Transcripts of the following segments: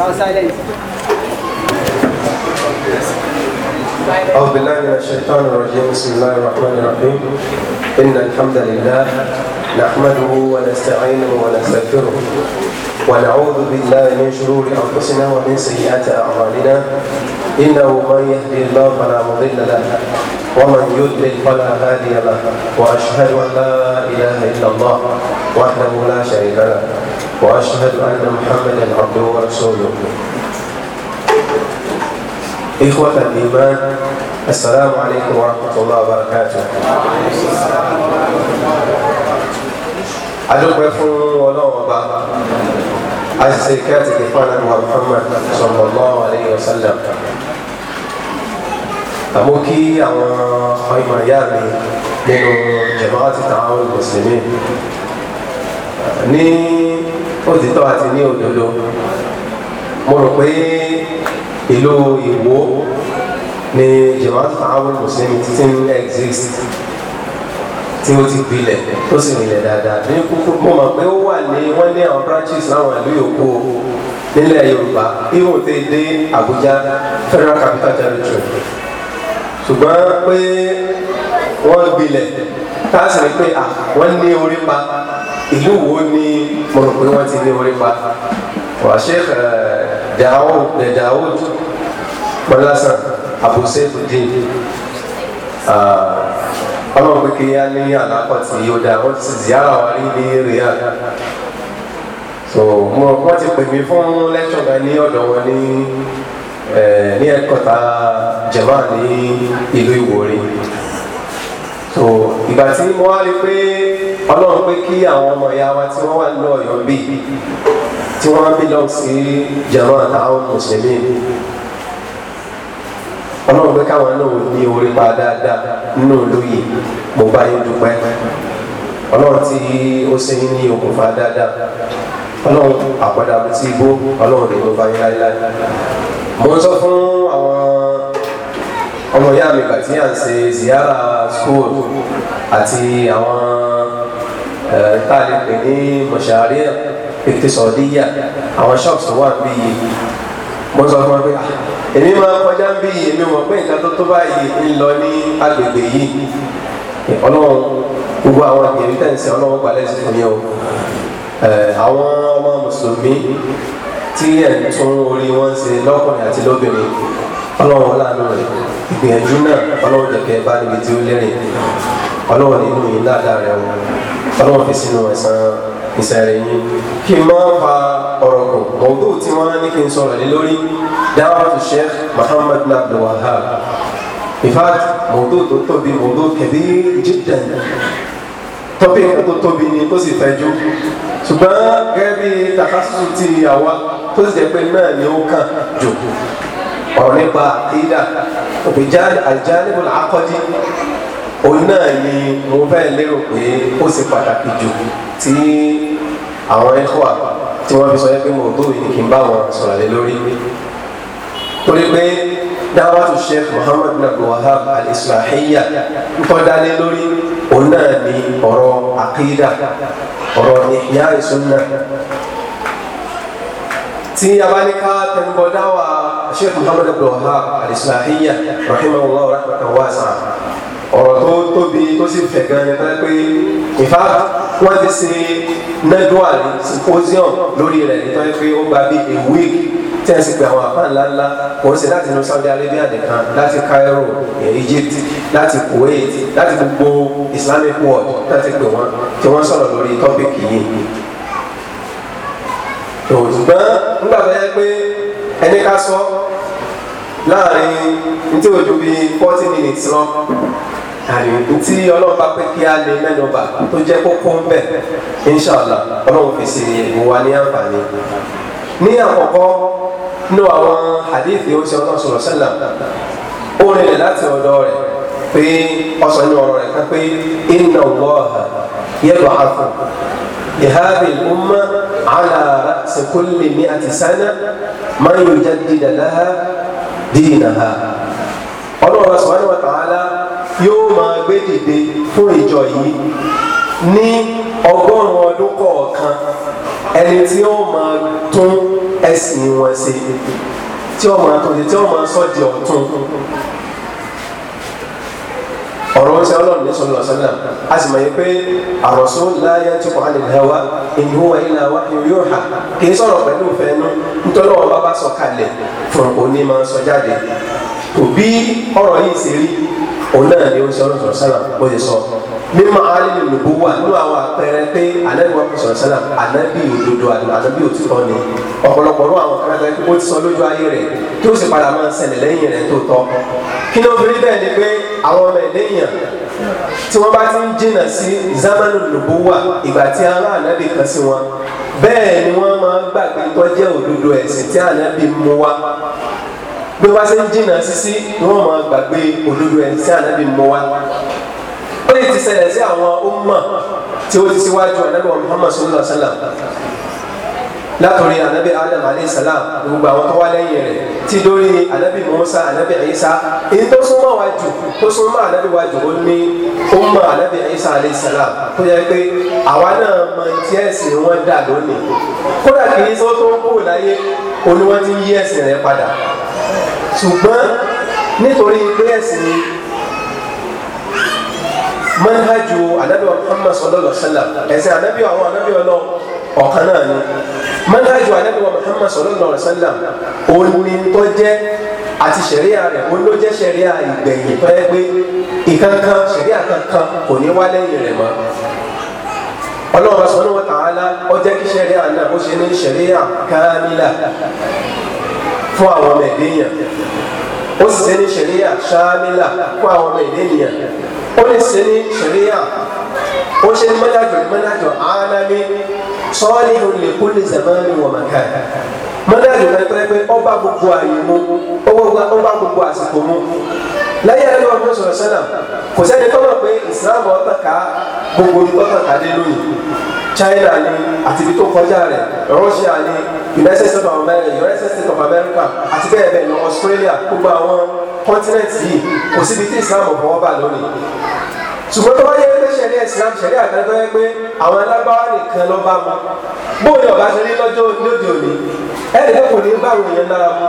أعوذ بالله من الشيطان الرجيم بسم الله الرحمن الرحيم إن الحمد لله نحمده ونستعينه ونستغفره ونعوذ بالله من شرور أنفسنا ومن سيئات أعمالنا إنه من يهدي الله فلا مضل له ومن يضلل فلا هادي له وأشهد أن لا إله إلا الله وحده لا شريك له وأشهد أن محمد عبده ورسوله إخوة الإيمان السلام عليكم ورحمة الله وبركاته أدعو بفهم ولا وبا أزكاتي كفانا محمد صلى الله عليه وسلم أموكي أو خيمة يارني من جماعة التعاون المسلمين ني òtítọ́ àti ní òdodo mo rò pé ìlú Ìwó ni Jamaat Ta'awun Muslimin ti ń exist tí ó ti gbilẹ̀ tó sì rìnlẹ̀ dáadáa ní kúkú mo mọ̀ pé ó wà ní wọ́n ní àwọn branches láwọn ìlú yòókù nílẹ̀ Yorùbá ihò tẹ dé Àbújá Federal Capital Territory ṣùgbọ́n pé wọ́n gbilẹ̀ tá a sì rí pé wọ́n ní orí pa ìlú wo ni mo rò pé wọ́n ti ní orí pa wà sheikh eh, daoud eh, daoud bọ́lásán abusefudin ah, ọlọ́run pé kí á ní àlápọ̀ tí ó dáa wọ́n ti ziyara wa rí ní riyadh so mo wọ́n ti pè mí fún lẹ́tọ̀ náà ní ọ̀dọ̀ wọn ní eh, ní ẹ̀kọ́ta jẹ̀má ní ìlú ìwòrì so ìgbà tí mo wá rí pé ọlọ́run pé kí àwọn ọmọ ìyá wa tí wọ́n wà ní ọ̀yọ́ bí tí wọ́n bí lọ́ọ̀ sí jẹ̀mọ́ àtàwọn mùsùlùmí ọlọ́run pé káwọn náà ní orí pa dáadáa nínú olóyè mo bá yín dúpẹ́ ọlọ́run tí ó ṣe ń ní okùnfà dáadáa ọlọ́run àpàdà àbútí igbó ọlọ́run rẹ̀ ló bá yín láéláé mo ń sọ fún àwọn ọmọ ìyá mi gbà à ń ṣe ziyara school àti àwọn tá a lè pè ní mọ̀ṣáré ìtẹ̀sọ̀díyà àwọn shops tó wà bí yìí mo sọ fún ọ pé ah, èmi máa kọjá ń bí èmi mọ̀ pé nǹkan tó tó báyìí ń lọ ní agbègbè yìí ọlọ́run gbogbo àwọn ìgbèrí tẹ̀sí ọlọ́run gbalẹ̀ sí fún yẹn o àwọn ọmọ mùsùlùmí tí ẹ̀ ń tún orí wọn ṣe lọ́kùnrin àti lóbìnrin ọlọ́run láàánú rẹ̀ ìgbìyànjú náà ọlọ́run jẹ̀kẹ́ bá níbi tí ó lérìn ọlọ́run nínú yìí ládàá rẹ̀ wọ̀ ọlọ́wọ́n fi sínú ẹ̀sán ìsàlẹ̀ yín kí n máa fa ọ̀rọ̀ kan mọ̀gbọ́n tí wọ́n á ní kí n sọ̀rọ̀ lé lórí dáwàtú sheikh muhammad bin abdul wahab ifat mọ̀gbọ́n tó tóbi mọ̀gbọ́n kẹ̀bí jiddan tọ́pì nǹkan tó tóbi ni tó sì fẹ̀jú ṣùgbọ́n gẹ́gẹ́ bí takasusu ti àwa tó sì jẹ́ pé náà ni ó kàn jò ọ̀rọ̀ nípa àkídà òbí jáde àjálẹ̀ òun náà ni mo bẹ́ẹ̀ lérò pé ó ṣe pàtàkì jù tí àwọn ẹ̀kọ́ à tí wọ́n fi sọ pé mo tó yìí kí n bá wọn sọ̀rọ̀ lé lórí torí pé dáwàtú sheikh muhammad bin abdul wahab al-islahiyya ń tọ́ dálé lórí òun náà ni ọ̀rọ̀ àkídà ọ̀rọ̀ ìyá ìsúná tí a bá ní ká tẹnubọ dáwà sheikh muhammad abdul wahab al-islahiyya rahimahullah rahmatan wasa ọ̀rọ̀ tó tóbi tó sì fẹ̀ gan ni pé ìfá wọ́n ti ṣe nẹ́dúwà ní symposium lórí rẹ̀ nítorí pé ó gba bíi a week tí a sì pe àwọn àpá ńlá ńlá kò sí láti inú Saudi Arabia nìkan láti Cairo Egypt láti Kuwait láti gbogbo Islamic world láti pè wọ́n tí wọ́n sọ̀rọ̀ lórí tọ́pìkì yìí. ṣùgbọ́n nígbà tó yẹ pé ẹni ká sọ láàrin ní tí o bíi forty minutes lọ àdìgbò tí ọlọ́run bá pé kí á lè mẹ́nuba tó jẹ́ kókó ń bẹ̀ inṣàlá ọlọ́run fi ṣe ìwà ní àǹfààní. ní àkọ́kọ́ nínú àwọn àdéhìí ó ṣe ọlọ́run sọ̀rọ̀ sẹ́là ó rìnlẹ̀ láti ọ̀dọ̀ rẹ̀ pé ọ̀sán ní ọ̀rọ̀ rẹ̀ kan pé inna Allaha yab'athu lihadhihi al-umma ala ra'si kulli mi'ati sana man yujaddidu laha dinaha ọlọ́run subhanahu wa ta'ala yóò dìde fún ìjọ yìí ní ọgọ́rùn-ún ọdún kọ̀ọ̀kan ẹni tí ó máa tún ẹ̀sìn wọn ṣe tí ó máa tún ṣe tí ó máa sọ di ọ̀tun ọ̀rọ̀ ń ọlọ́run ní sọ́nà a sì mọ̀ pé láyé tí kò yóò hà kì í pẹ̀lú ìfẹ́ inú nítorí wọn bá bá òun náà ni ó ṣe ọlọ́sọ̀rọ̀ sálà ó ṣe sọ mímọ alẹ́ nìbó wà nínú àwọn àpẹẹrẹ pé anabi wa sọ̀rọ̀ sálà anabi òdodo anabi òtítọ́ ni ọ̀pọ̀lọpọ̀ ló àwọn kan láti ó ti sọ lójú ayé rẹ̀ tí ó sì padà máa ń ṣẹlẹ̀ lẹ́yìn rẹ̀ tó tọ́ kí ló fi bẹ́ẹ̀ ni pé àwọn ọmọ ẹ̀dẹ́yìn tí wọ́n bá ti ń jìnnà sí zamanu nìbó wà ìgbà tí ará anabi kan sí wọn bẹ́ẹ̀ ni wọ́n máa ń gbàgbé tọ́jẹ́ òdodo ẹ̀sìn tí anabi mú wa bí wọ́n ṣe ń jìnnà sísí ni wọ́n máa gbàgbé òdodo ẹni tí ànábì mú wa ó lè ti ṣẹlẹ̀ sí àwọn ọmọ tí ó ti síwájú ànábì Muhammad sallallahu alaihi wasallam látòrí ànábì Adam alayhi salam gbogbo àwọn tó wá lẹ́yìn rẹ̀ ti dórí ànábì Musa ànábì Isa èyí tó súnmọ́ wa jù tó súnmọ́ ànábì wa jù ó ní ọmọ ànábì Isa alayhi salam tó yẹ pé àwa náà mọ tí ẹ̀sìn wọn dà lónìí kódà kì í sọ tó ń kúrò láyé oníwọ́n ti yí ẹ̀sìn rẹ̀ ṣùgbọ́n nítorí pé ẹ̀sìn manhajú anabi muhammad sallallahu alaihi wa sallam ẹ̀sìn anabi àwọn anabi ọlọ́ ọ̀kan náà ni manhajú anabi muhammad sallallahu alaihi wa sallam onítọ́jẹ́ àti sẹ̀ríà rẹ̀ òun ló jẹ́ sẹ̀ríà ìgbẹ̀yìn tó yẹ pé ìkankan sẹ̀ríà kankan kò ní wá lẹ́yìn rẹ̀ mọ́ ọlọ́run subhanahu wa ta'ala ó jẹ́ kí sẹ̀ríà náà ó ṣe ní sẹ̀ríà kámílà fún àwọn ọmọ ẹ̀dẹ́ yẹn ó sì ṣe ní ṣẹ̀ríyà ṣáámílà fún àwọn ọmọ ẹ̀dẹ́ yẹn ó lè ṣe ní ṣẹ̀ríyà ó ṣe ní mọ́dájọ́ mọ́dájọ́ ánámi sọ́ọ́lì olè kó lè zàmánì wọ̀ màkà mọ́dájọ́ náà tẹ́ pé ọba gbogbo ààyè mu ọba gbogbo àsìkò mu láyé ẹni wọn fún sọ̀rọ̀ sẹ́nà kò sẹ́ni tó mọ̀ pé ìsìlámù ọ̀tàn ká gbogbo ìtọ́tàn China ni àti ibi tó kọjá rẹ̀ Russia ni United States of America United States of America àti bẹ́ẹ̀ bẹ́ẹ̀ lọ Australia gbogbo àwọn continent yìí kò síbi tí Islam fọwọ́ bà lónìí ṣùgbọ́n tó bá yẹ pé ṣẹlẹ̀ Islam ṣẹlẹ̀ àtàkọ́ yẹ pé àwọn alágbáwá nìkan lọ bá mu bóyá ọba ṣe ní lọ́jọ́ lóde òní ẹnì kan kò ní bá àwọn èèyàn lára mu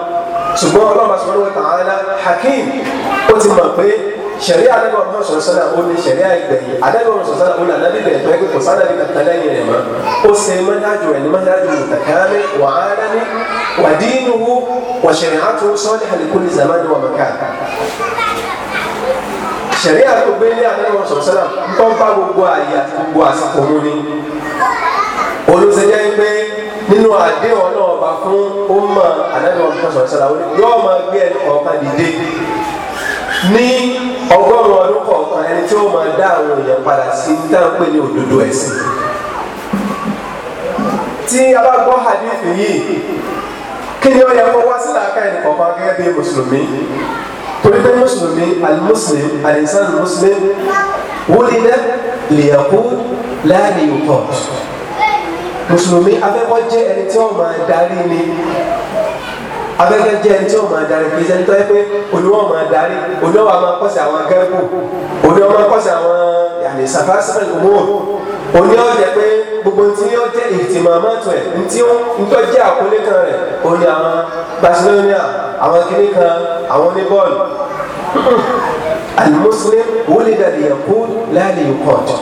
ṣùgbọ́n Ọlọ́run subhanahu wa ta'ala Hakim ó ti mọ̀ pé sariya ale b'a dɔn sɔrɔ sɔrɔ o ni sariya ye bɛɛ ye ale b'a dɔn sɔrɔ sɔrɔ o la ale bɛ bɛɛ ko sɔrɔ bɛ ka tala in yɛlɛma o se manhaj wa ni manhaj mutakamil wa alami wa dinuhu wa shari'atuhu salihan li kulli zaman wa makan sariya tó gbé ní ale b'a sɔrɔ sɔrɔ npɔnpa gbogbo ayé àti gbogbo àsìkò mu ni olùsèjẹ́ ń gbé nínú àdéhùn náà bá fún ó mọ àlẹ́ b'a sɔrɔ sɔrɔ yóò máa gbé ẹni kọ̀ọ̀kan dìde ní ọgọ́rùn ọdún kọ̀ọ̀kan ẹni tí ó máa dá àwọn èèyàn padà sí ní tá à ń pè ní òdodo ẹ̀sìn tí a bá gbọ́ hadith yìí kí ni ó yẹ kó wá sí làákà ẹni kọ̀ọ̀kan gẹ́gẹ́ bí mùsùlùmí torí pé mùsùlùmí alimuslim alinsani muslim wúlídẹ́ lèyàkú láàrin ìkọ̀ mùsùlùmí afẹ́kọ́ jẹ́ ẹni tí ó máa darí ni abẹ́fẹ́ jẹ́ ẹni tí wọ́n máa darí kì í ṣe ẹni tó yẹ pé oníwọ̀n máa darí oníwọ̀n máa kọ́sẹ̀ àwọn gẹ́kù oníwọ̀n máa kọ́sẹ̀ àwọn yàrá sàfàṣà ìmúwò oníwọ̀n jẹ́ pé gbogbo ntí yóò jẹ́ ìtìmọ̀ àmọ́tò ẹ̀ ntí ntọ́ jẹ́ àkọlé kan rẹ̀ oní àwọn Barcelona àwọn kìnnì kan àwọn oníbọ́ọ̀lù alimuslim wúlì dàdí yẹ̀kú láàlì yòkọ̀ọ̀tù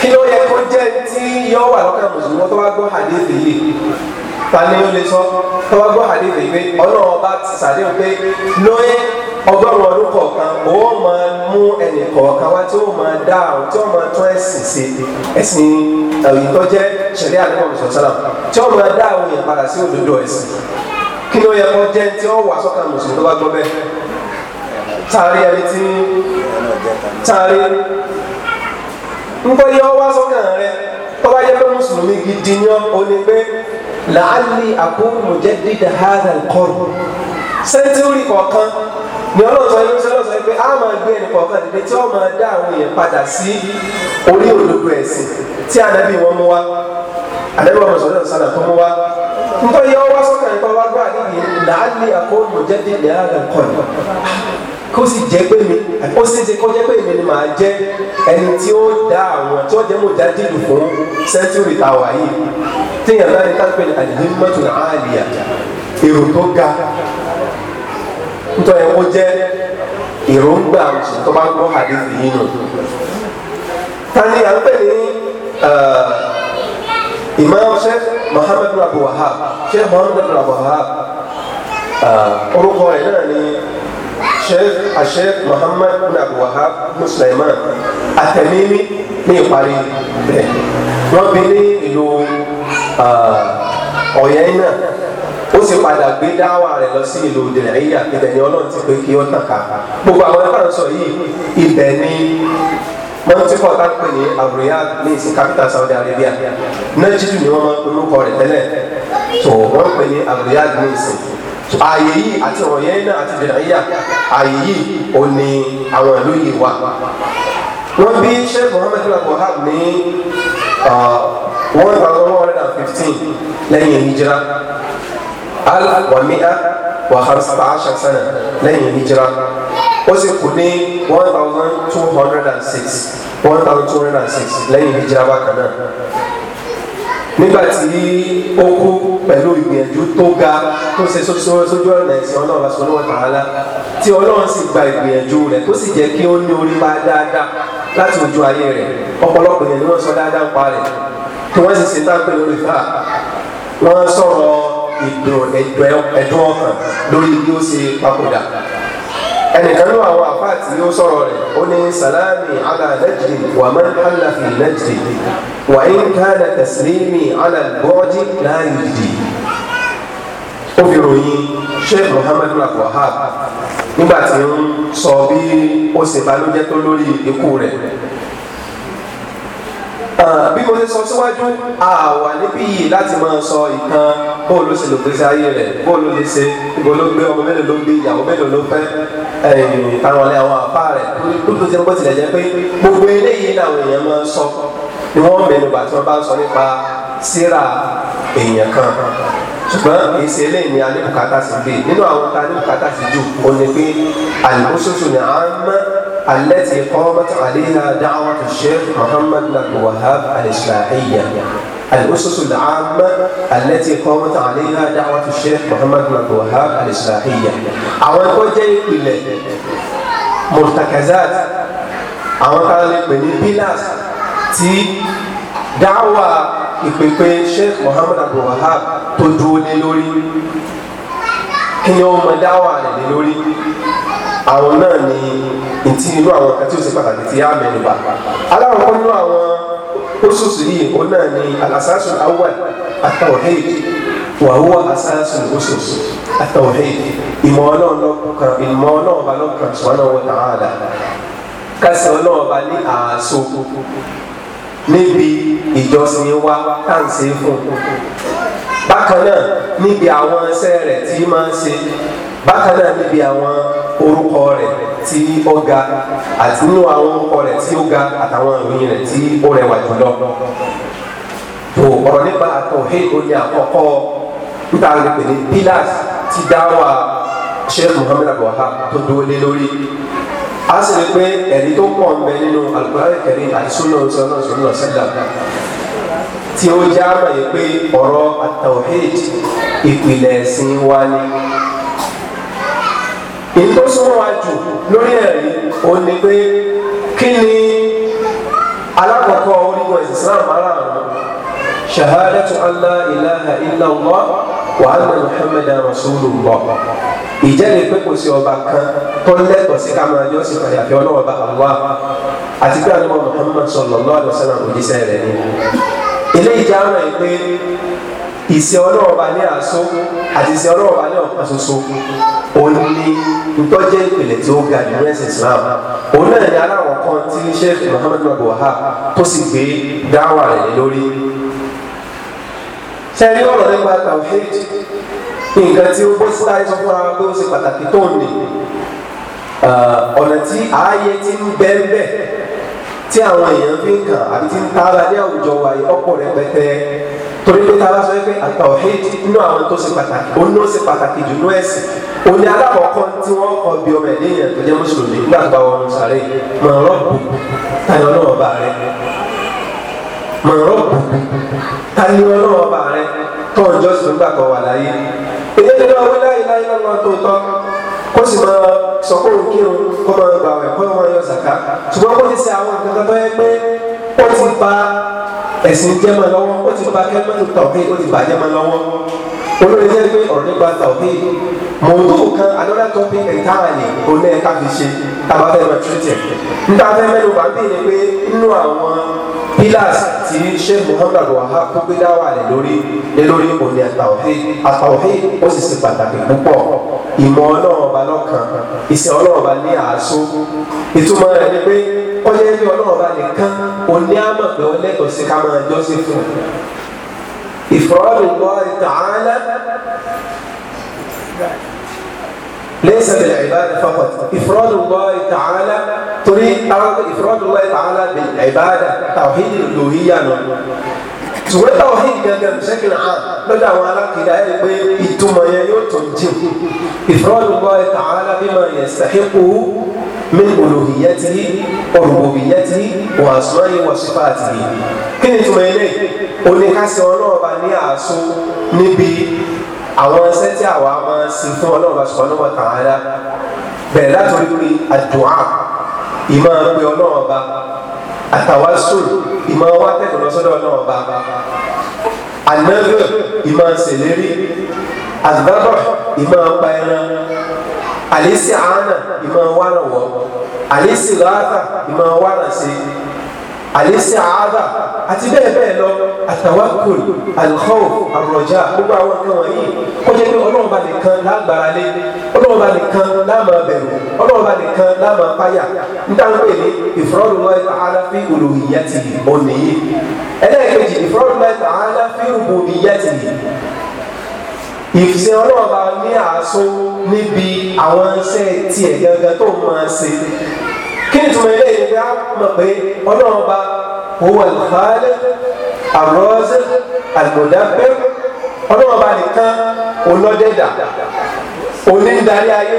kí ló yẹ kó jẹ́ ntí yọ wà lọ́kàn mùsùlùmí tó bá gbọ́ tani ó lè sọ tọ́wọ́ gbọ́ àdéhùn yìí pé ọlọ́run ọba ti sàdéhùn pé lóyè ọgọ́rùn-ún ọdún kọ̀ọ̀kan ó máa mú ẹnì kọ̀ọ̀kan wá tí ó máa dá àwọn tí ó máa tún ẹ̀sìn ṣe ẹ̀sìn èyí tó jẹ́ ṣẹ̀lẹ́ àdúgbò mùsùlùmí tí ó máa dá àwọn èèyàn padà sí òdodo ẹ̀sìn kí ló yẹ kó jẹ́ tí ó wà sọ́kàn mùsùlùmí tó bá gbọ́ bẹ́ẹ̀ tààrí ẹni tí tààrí nǹkan yẹ ọ wá sọ́kàn rẹ tó bá yẹ pé mùsùlùmí gidi ni ó ní pé làálì àkóhùn jẹ́dí dàhádà kọ́rù sẹ́ńtúrì kọ̀ọ̀kan ni ọlọ́sọ yìí ṣe lọ́sọ pé a máa gbé ẹnì kọ̀ọ̀kan dìde tí wọ́n máa dá àwọn èèyàn padà sí orí òdodo ẹ̀sìn tí ànábì wọn mú wa ànábì wọn sọ̀rọ̀ sọ̀rọ̀ tó mú wa nítorí yẹ ọwọ́ sọ́kàn nípa wá gbọ́ àdìyẹ làálì àkóhùn jẹ́dí dàhádà kọ́rù kó sì jẹ́ pé mi ó sì ṣe kó jẹ́ pé mi ni màá jẹ́ ẹni tí ó dá àwọn tí wọ́n jẹ́ mọ̀ jáde lù fún sẹ́ńtúrì táwa yìí téèyàn bá ní kápẹ́ ní alihimatu aliya èrò tó ga nítorí ẹ̀kọ́ jẹ́ èròǹgbà tó bá gbọ́ hadith yìí nù. tani à ń pè ní imam sheikh muhammad rabu wahab sheikh muhammad rabu wahab orúkọ rẹ̀ náà ni sheikh asheikh muhammad rabu wahab musulman atẹ̀mímí ní ìparí rẹ̀ wọ́n bí ní ìlú. Ah, ọ̀yẹ́ náà ó sì padà gbé dáwà rẹ̀ lọ sí ìlú dìrẹ̀yà ibẹ̀ ni ọlọ́run ti pé kí ó tàn ká gbogbo àwọn ẹ̀fọ́ àròsọ yìí ibẹ̀ ni wọ́n ti kọ́ ọ̀tá pè ní àbúrẹ́yà ní ìsìn capital Saudi Arabia nàìjíríà ni wọ́n máa ń pe orúkọ rẹ̀ tẹ́lẹ̀ tó wọ́n pè ní àbúrẹ́yà ní ìsìn ààyè yìí àti ọ̀yẹ́ náà àti dìrẹ̀yà ààyè yìí ò ní àwọn ìlú yìí wà wọ́n bí sheikh Muhammad Abdul Wahab ní ah, one thousand hundred and fifteen lẹ́yìn hijira alf wa mi'a wa hamsata ashar sana lẹ́yìn hijira ó sì kú ní one thousand two hundred and six one thousand two hundred and six lẹ́yìn hijira bákan náà nígbà tí ó kú pẹ̀lú ìgbìyànjú tó ga tó ṣe sójú ọ̀nà ẹ̀sìn ọlọ́run bá sọ́nà wàhálà tí ọlọ́run sì gba ìgbìyànjú rẹ̀ tó sì jẹ́ kí ó ní orí bá dáadáa láti ojú ayé rẹ̀ ọ̀pọ̀lọpọ̀ yẹn ni wọ́n sọ dáadáa pa rẹ̀ tí wọ́n sì ṣe tápẹ lórí fà wọ́n sọ̀rọ̀ ìdùn ẹ̀dùn ọkàn lórí bí ó ṣe papòdà ẹnìkan ló àwọn àfáà tí ó sọ̀rọ̀ rẹ̀ ó ní sàlámì ala najdi wà man halla fi najdi wà in kana taslimi ala al-bu'di ó fi ròyìn sheikh muhammed bin nígbà tí ń sọ bí ó ṣe balùwẹ̀ tó lórí ikú rẹ̀ Ah, bí mo ṣe sọ síwájú àwà níbí yìí láti máa sọ ìkan bóòlù ṣe lò gbèsè ayé rẹ̀ bóòlù lè ṣe ibo ló gbé ọmọ mélòó ló gbé ìyàwó mélòó ló fẹ́ àwọn ọ̀lẹ́ àwọn àpá rẹ̀ lóòótọ́ ti ń bọ́ tilẹ̀ jẹ́ pé gbogbo eléyìí làwọn èèyàn máa ń sọ ni wọ́n mẹ́nu bà tí wọ́n bá ń sọ nípa síra èèyàn kan ṣùgbọ́n èsì eléyìí ni alẹ́ bùkátà sí bíi nínú àwọn ta alẹ́ bùkátà sí jù ó ní pé àlùkò ṣoṣo ni à ń mọ́ التي قامت عليها دعوة الشيخ محمد بن الوهاب الإسلاحية الأسس العامة التي قامت عليها دعوة الشيخ محمد بن الوهاب الإسلاحية أولا كنتي يقول مرتكزات أولا قال من البلاس تي دعوة ipepe sheikh محمد abdulwahab الوهاب dúró lé lórí kí ni àwọn náà ni ìtí irú àwọn kan tí ó ṣe pàtàkì tí á mẹ́nubà aláwọ̀ nínú àwọn oṣooṣù yìí òun náà ni alasaasu awal atawhid wàhùwà alasaasu oṣooṣù atawhid ìmọ̀ ọlọ́run lọ́kàn ìmọ̀ ọlọ́run bá lọ́kàn subhanahu wa ta'ala kásán ọlọ́run bá ní àásọ níbi ìjọsìn wa tá à ń ṣe fún bákan náà níbi àwọn iṣẹ́ rẹ̀ tí máa ń ṣe bákan náà níbi àwọn orúkọ rẹ̀ tí ó ga àti nínú àwọn orúkọ rẹ̀ tí ó ga àtàwọn ìròyìn rẹ̀ tí ó rẹwà jùlọ tó ọ̀rọ̀ nípa tawhid ó ní àkọ́kọ́ níta lè pè ní pillars ti dáwà Sheikh Muhammad abuha tó dúró lé lórí a sì rí pé ẹ̀rí tó pọ̀ ń bẹ nínú Al-Qur'an Karim àti sunna sọ̀rọ̀ sọ̀rọ̀ sẹ́dá tí ó já mọ̀ yìí pé ọ̀rọ̀ at-tawhid ìpìlẹ̀ ẹ̀sìn wa ni èyí tó súnmọ́ wa jù lórí ẹ̀rí òun ni pé kí ni alákọ̀ọ́kọ́ orígun ẹ̀sìn Islam márùn-ún shahadatu an la ilaha illallah wa anna muhammadan rasulullah ìjẹ́lẹ̀ pé kò sí ọba kan tó lẹ́tọ̀ọ́ sí ká máa yọ́sìn kan àyàfi ọlọ́wọ́ bá Allah àti pé àdúgbò muhammad sallallahu alaihi wasallam òjíṣẹ́ rẹ̀ ni eléyìí jẹ́ àwọn ìpè ìsìn ọlọ́ọ̀ba ní àṣọ àti ìsìn ọlọ́ọ̀ba ní ọ̀kan ṣoṣo òun ni ntọ́jẹ́ ìpìlẹ̀ tí ga nínú ẹ̀sìn Islam òun náà ní aláwọ̀ kan tí Sheikh Muhammadu buha tó sì gbé dáwà rẹ̀ lórí. sẹ́ni ọ̀rọ̀ nípa tawhid nǹkan tí ó bó sí láì sọ fúnra pé ó ṣe pàtàkì tó ń nì ọ̀nà tí ààyè ti ń bẹ́ẹ̀ bẹ́ẹ̀ tí àwọn èèyàn fi ń kàn àbí ti ń tara torí pé tá a bá sọ pé àtàwọ̀hìn inú àwọn tó ṣe pàtàkì òun ló ṣe pàtàkì jù ní ẹ̀sìn òun ni alákọ̀ọ́kọ́ tí wọ́n kọ bí ọmọ ẹ̀ léèyàn tó jẹ́ mùsùlùmí nígbà tó bá wọn sàré mọ̀ọ́rọ́bù tayọ̀ náà bá rẹ̀ mọ̀ọ́rọ́bù tayọ̀ náà bá rẹ̀ tó ń jọ́sìn nígbà kan wà láyé èdè tó dáwọ́ láyé láyé lọ́nà tó tọ́ kó sì máa sọ kó òun kírun kó máa gbà wẹ̀ kó máa yọ zàká ṣùgbọ́n kó ti ẹ̀sìn jẹ́ máa lọ́wọ́ ó ti ba kẹ́mẹ́rin tọ̀kí ó ti bàjẹ́ máa lọ́wọ́ olórí jẹ́ pé ọ̀rọ̀ nípa tọ̀kí mọ̀tò kan another topic entirely oní ẹ̀ka fi ṣe tá a bá fẹ́ máa tún tẹ̀ níta fẹ́ mẹ́nu bá ń bèèrè pé nínú àwọn pillars ti sheikh muhammad wahab tó gbé dáwà lé lórí lé lórí òní àtàwọ̀hí àtàwọ̀hí ó sì ṣe pàtàkì púpọ̀ ìmọ̀ ọlọ́run ọba lọ́kàn ìsìn ọlọ́run ọba ní àásó ìtumọ̀ rẹ̀ ni pé ó yẹ kí ọlọ́run ọba nìkan òní àmọ̀ pé ó lẹ́tọ̀ọ́ sí ká máa jọ́sìn fún ìfọ̀rọ̀lùkọ́ ìtàn ليس بالعبادة فقط إفراد الله تعالى تريد أو إفراد الله تعالى بالعبادة توحيد الألوهية ṣùgbọ́n tawhid gẹ́gẹ́ bíṣẹ́kì náà lọ́dọ̀ àwọn alákìlá ẹ̀ pé ìtumọ̀ yẹn yóò tó jìn ifradu Allah ta'ala bima yastahiqu min uluhiyyatihi wa rububiyyatihi wa asma'ihi wa sifatihi kí ni ìtumọ̀ yẹn lè oníkásí ọlọ́ọ̀bá ní àásù níbi àwọn ẹsẹ̀ tí àwa máa ṣe fún ọlọ́run bá sọ̀rọ̀ lọ́wọ́ kàn án dá bẹ̀rẹ̀ látòrí lórí àdùá ìmọ̀ pé ọlọ́run ọba àtàwásùn ìmọ̀ wá tẹ̀kọ̀ lọ sọ́dọ̀ ọlọ́run ọba ànágẹ̀ ìmọ̀ ṣèlérí àdùbábọ̀ ìmọ̀ pa ẹran àlẹ́sì àánà ìmọ̀ wà ràn wọ́ àlẹ́sì ráàtà ìmọ̀ wà ràn àlẹ́sẹ̀ àádà àti bẹ́ẹ̀ bẹ́ẹ̀ lọ àtàwákùn àlùkọ́wò àròjà gbogbo àwọn nǹkan wọ̀nyí ó jẹ́ pé ọlọ́run bá nìkan lágbára lé ọlọ́run bá nìkan láàmà bẹ̀rù ọlọ́run bá nìkan láàmà páyà nítawọn pè ní ìfúrọ́dúnláì tààlà fi uluhiyyatihi ònìyí ẹlẹ́ẹ̀kejì ìfúrọ́dúnláì tààlà fi rububiyyatihi ìfisẹ́ ọlọ́run bá ní àásó níbi àwọn iṣẹ́ tiẹ̀ gẹ́gẹ́ tó máa ṣe kí ni tuma ilé yìí bí a mọ̀ pé ọlọ́run ba owó alifáàlẹ̀ àrọ́sẹ̀ àlùmọ̀dábẹ́ ọlọ́run ba nìkan olódẹ́dà onídàárí ayé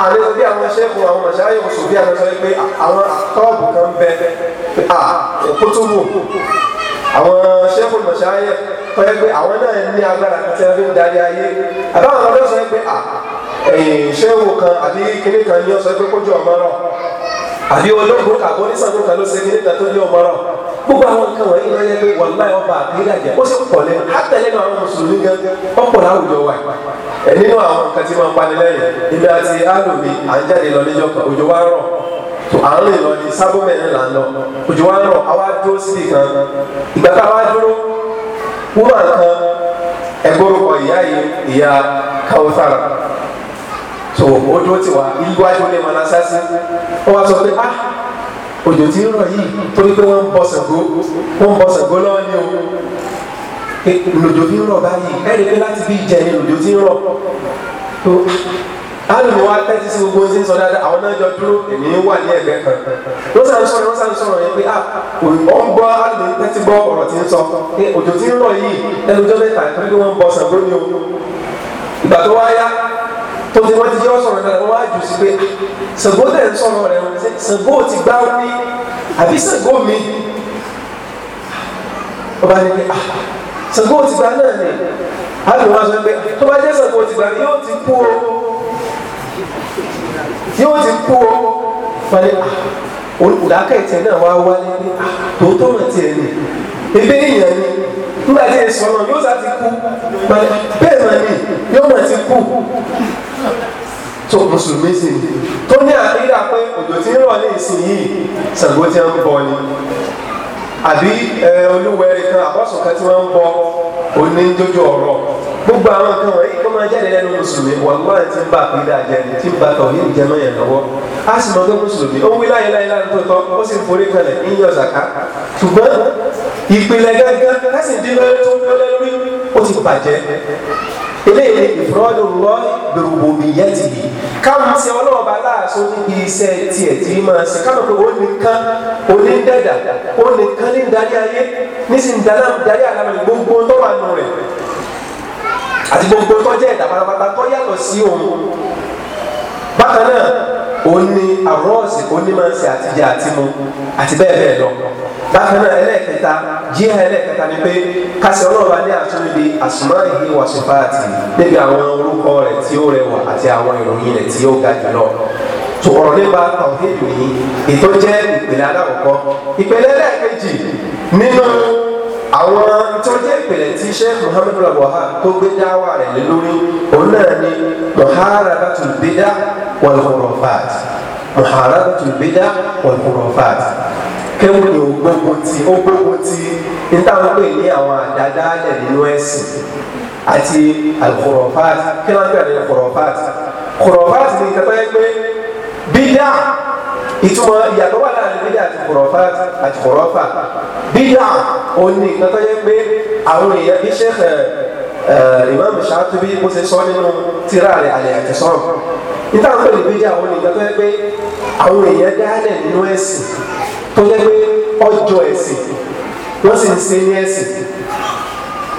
ààrẹ bí àwọn ṣẹ́gun àwọn mọ̀ṣáyé oṣù bí àwọn sọ pé àwọn àtọ́ọ̀bù kan bẹ kótóbù àwọn ṣẹ́gun mọ̀ṣáyé tọ́jú pé àwọn náà ní agbára kan tí wọ́n fi ń darí ayé àbáwọn ọlọ́sọ pé ṣẹ́gun kan àbí kíní kan ní ọ̀sẹ̀ pé kójú ọmọ náà àbí ológun kàbọ nísàgbọn kan ló ṣe kí níta tó ní ọmọ rọ gbogbo àwọn nǹkan wọ̀nyí ló yẹ pé wàláì ọba àbílàjẹ ó sì pọ̀ lẹ́nu látẹ̀lẹ́nu àwọn mùsùlùmí gángan ọ̀pọ̀ láwùjọ wa ẹ̀ nínú àwọn nǹkan tí máa ń pani lẹ́yìn ibi àti alùmí à ń jáde lọ níjọ kan òjò wa rọ̀ tó à ń rìn lọ ní sábọ́mẹ̀ là ń lọ òjò wa rọ̀ àwa dúró síbi kan ìgbà tá a wá dúró wúmà kan ẹgbórúkọ ìyá yìí ìyá Kawthar tó ó dúró tiwa iwájú ní manasasi ó wá sọ pé ah òjò tí ń rọ̀ yìí torí pé wọ́n ń bọ Ṣàngó wọ́n ń bọ Ṣàngó lọ́wọ́ ni o lòjò fi ń rọ̀ báyìí ẹ̀rí pé láti bí ìjẹ ni lòjò ti ń rọ̀ tó alùpùpù wa tẹ́tí sí gbogbo ṣe ń sọ dáadáa àwọn náà jọ dúró èmi wà ní ẹ̀gbẹ́ kan ló sàn sọ̀rọ̀ ló sàn sọ̀rọ̀ yẹn pé à ah, ó ń gbọ́ alùpùpù tẹ́tí gbọ́ ọ̀rọ̀ tí ń sọ pé òjò ti ń rọ̀ yìí ẹnu jọ́ mẹ́ta torí pé wọ́n ń o ìgbà tó wáyá tó ti wọ́n ti jẹ́ ọ̀sọ̀rọ̀ náà wọ́n wá jù sí pé Ṣàngó tẹ̀ ń sọ̀rọ̀ rẹ̀ wọ́n ti Ṣàngó ti gbá wọn ní àbí Ṣàngó mi ọba ní pé ah, Ṣàngó ti gbá náà ni àbí wọn sọ pé tó bá jẹ́ Ṣàngó ti gbá yóò ti kú o yóò ti kú o wọ́n ní ah, olùdákẹ́ ìtẹ̀ náà wá wálé ní ah, tòótọ́ mọ̀ tiẹ̀ ni ebe nìyẹn ni nígbà tí èso náà yóò sá ti kú bẹ́ẹ̀ mọ̀ ni yóò mọ̀ ti kú tó mùsùlùmí sì tó ní àkídà pé òjò tí ń rọ̀ ní ìsìn yìí Ṣàngó tí ń bọ ni àbí olúwẹ̀rẹ̀ kan àbọ̀sùn kan tí wọ́n ń bọ òní jójú ọ̀rọ̀ gbogbo àwọn nǹkan wọ̀nyí kó máa jáde lẹ́nu mùsùlùmí wàlúwà tí ń bá àkídà jẹ ni tí ń bá tọ̀ yìí jẹ mọ́ yẹn lọ́wọ́ a sì mọ̀ pé mùsùlùmí ó wí láyé láyé láyé tó tọ́ ó sì ń forí kalẹ̀ ń yọ ṣùgbọ́n ìpìlẹ̀ gángan lásìdínlẹ́ tó ń lọ lórí ó ti bàjẹ́ eléyìí ni ìfúrọ́dù lọ gbèrògbò mi yẹ ti yìí káwọn ṣe ọlọ́ọ̀bá aláàṣọ níbi iṣẹ́ tiẹ̀ tí máa ṣe káwọn pé ó nìkan onídẹ́dà ó nìkan ní darí ayé nísìnyí dáná darí àlámọ̀lẹ̀ gbogbo tó wà nù rẹ̀ àti gbogbo tó jẹ́ ẹ̀dá pátápátá tó yàtọ̀ sí òun bákan náà òun ni àrọ́ọ̀sì onímọ̀ ṣe àtijọ́ àti mu àti bẹ́ẹ̀ bẹ́ẹ̀ lọ bákan náà ẹlẹ́ẹ̀kẹta jíhà ẹlẹ́ẹ̀kẹta ni pé kásì ọlọ́ọ̀bá ní àtúndì di àsùnmọ́ ìhìn wàṣípáàtì níbi àwọn orúkọ rẹ̀ tí ó rẹwà àti àwọn ìròyìn rẹ̀ tí ó ga jùlọ tòrọ nípa tàwíìdù yìí ètò jẹ́ ìpele alákọ̀ọ́kọ́ ìpele ẹlẹ́ẹ̀kejì nínú àwọn tó jẹ́ ìpele tí sheikh muhammed labuha tó gbé dáwà rẹ̀ lé lórí òun náà ni kéwòn ò gbógun ti ó gbógun ti nítawọn pè ní àwọn àdádálẹ̀ nínú ẹ̀sìn àti alukọrọfat kí wọn pè ní alukọrọfat kọrọfat ni kẹfẹ pé bíyà ìtumọ̀ ìyàtọ̀ wà láàrin bíyà àti kọrọfat àti kọrọfà bíyà òní kẹfẹ yẹ pé àwọn èèyàn bí sẹ́ẹ̀ eh, eh, Imam Shatibi bó ṣe sọ nínú tírà rẹ̀ àlẹ́ àti sọ̀rọ̀ nítawọn pè ní bíyà òní kẹfẹ pé àwọn èèyàn dálẹ̀ nínú ẹ̀sìn tó jẹ́ pé ọjọ́ ẹ̀sìn wọ́n sì ń ṣe ní ẹ̀sìn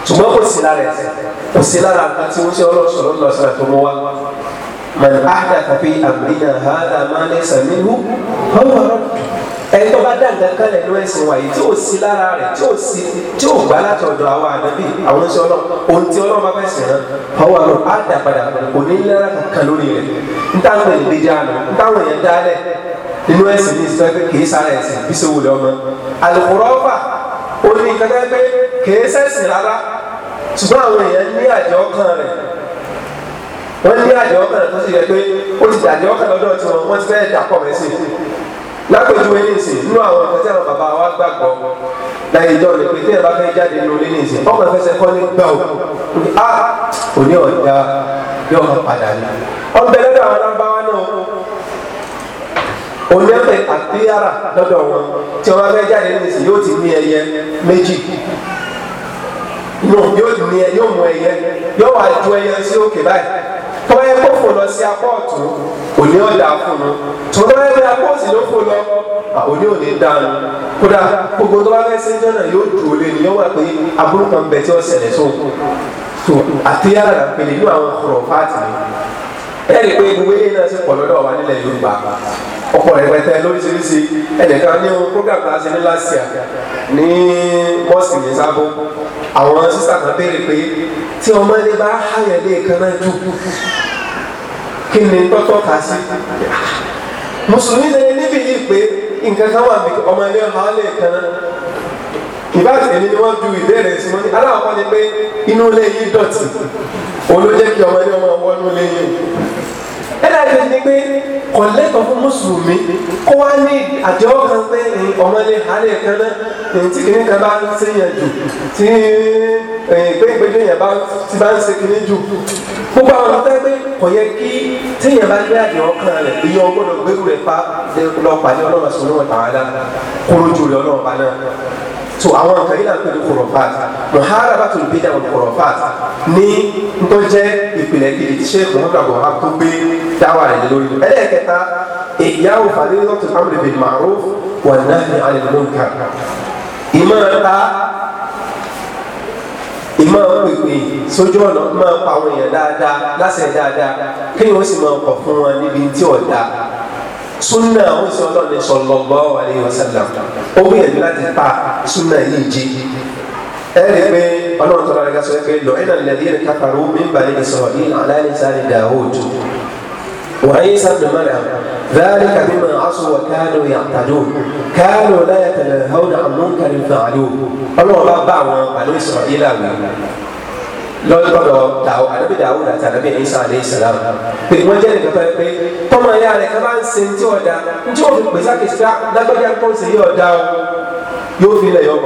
ṣùgbọ́n kò sí lára ẹ̀sìn kò sí lára nǹkan tí wọ́n ṣe ọlọ́sọ̀rọ̀ lọ́sọ̀rọ̀ tó mú wa man ahdatha fi amrina hadha ma laysa minhu ọwọ́ ẹni tó bá dá nǹkan kan lẹ́nu ẹ̀sìn wáyé tí ò sí lára rẹ̀ tí ò sí tí ò gbà láti ọ̀dọ̀ àwọn àdàbí àwọn oṣù ọlọ́ ohun tí ọlọ́run bá fẹ́ sìn rán ọwọ́ àrùn á dà padà kò ní lára kankan lórí rẹ̀ ń táwọn èèyàn gbé dáná ń táwọn èèyàn dálẹ̀ nínú ẹ̀sìn ní ìsọ pé kì í sára ẹ̀sìn bí sowó lọ mọ àlùkùrọ́fà ó ní nǹkan tẹ́ pé kì í sẹ́sìn rárá ṣùgbọ́n àwọn èèyàn ní àjọ kan rẹ̀ wọ́n ní àjọ kan rẹ̀ tó ṣe yẹ pé ó ti dàjọ kan lọ́dọ̀ tí wọn wọ́n ti fẹ́ dàpọ̀ rẹ̀ sí lápèjúwe ní ìsìn nínú àwọn nǹkan tí àwọn bàbá wa gbàgbọ́ láyé ìjọ rẹ̀ pé tí ẹ bá fẹ́ jáde nínú ilé ní ìsìn ọkọ̀ ìfẹsẹ̀ kọ́ ní gbà ó a òní ah, ọ̀dà yóò padà oníyàgbẹ́ atiara lọ́dọ̀ wọn tí wọ́n fẹ́ jáde ní ìsìn yóò ti ní ẹyẹ méjì yóò ní ẹ yóò mú ẹyẹ yóò wá ju ẹyẹ sí òkè báyìí tọ́wọ́ yẹ kó fò lọ sí apá ọ̀tún òní ọ̀dà fún un tọ́wọ́ yẹ kó apá òsì ló fò lọ òní òní dànù kódà gbogbo tó bá fẹ́ sí jọ́nà yóò ní yọ́wọ́ pé aburú ni pé gbogbo náà ti pọ̀ lọ́dọ̀ ọ̀pọ̀ rẹpẹtẹ lóríṣiríṣi ẹnìkan ní program tá a ṣe ní last year ní mosque ní sábó àwọn sísà kan béèrè pé tí ọmọ ilé bá háyẹ̀ lé kan náà jù kí ni tọ́tọ́ kà sí mùsùlùmí lẹni níbi yìí pé nǹkan kan wà bí ọmọ ilé ha lé kan náà ìbá tèmi ni wọ́n ju ìbéèrè sí wọn ní aláwọ̀ ni pé inú ilé yìí dọ̀tí olójẹ́ kí ọmọ ilé ọmọ wọnú ilé yìí ẹ̀dá ìdí ni pé kọ̀lẹ́tọ̀ fún mùsùlùmí kó wá ní àjẹwọ́ kan pé ọmọ ilé àárẹ̀ kan náà èyí tí kìnìún kan bá ń ṣèyàn jù tí gbẹ́gbẹ́dẹ́ yẹn bá ti bá ń ṣe kìnìún jù gbogbo àwọn ọ̀tá pé kò yẹ kí téèyàn bá gbé àjẹwọ́ kan rẹ̀ èyí ọgbọ́n náà gbẹ́rù rẹ̀ pa lọ pàdé ọlọ́run sọ̀rọ̀ wọn tàwa náà kóró jù lọ́nà ọba náà so àwọn nǹkan yìí náà pẹ̀lú kòròfàt mọ̀hárà bá tó lè bí dáwọn kòròfàt ní dáwà rẹ̀ lórí ẹlẹ́ẹ̀kẹta ìyáwó fàdílọ́tò amri bil ma'ruf wà nahyi anil munkar ìmọ̀ta ìmọ̀ pèpè sójú ọ̀nà máa pa àwọn èèyàn dáadáa láṣẹ dáadáa kéèyàn ó sì máa kọ̀ fún wọn níbi tí ò dáa súnà ó sì ọlọ́ọ̀ni sallallahu alaihi wasallam ó gbìyànjú láti pa súnà yìí jí ẹ̀rí pé ọlọ́run tó lọ́ọ́ rẹ̀ ká sọ pé lọ́ọ́ lẹ́yìn káfàrú min bani Israil ala lisani Dawud وعيسى بن مريم ذلك بما عصوا وكانوا يعتدون كانوا لا يتناهون عن منكر فعلوه قالوا الله بعوا بنو اسرائيل لو يقول دعوة أنا بدعوة على نبي عيسى عليه السلام بدون جانب فرقه طمع يعني كمان سنتي ودا نشوف بزاك استعب دقا جانب سيئة داو يوفي لا يوم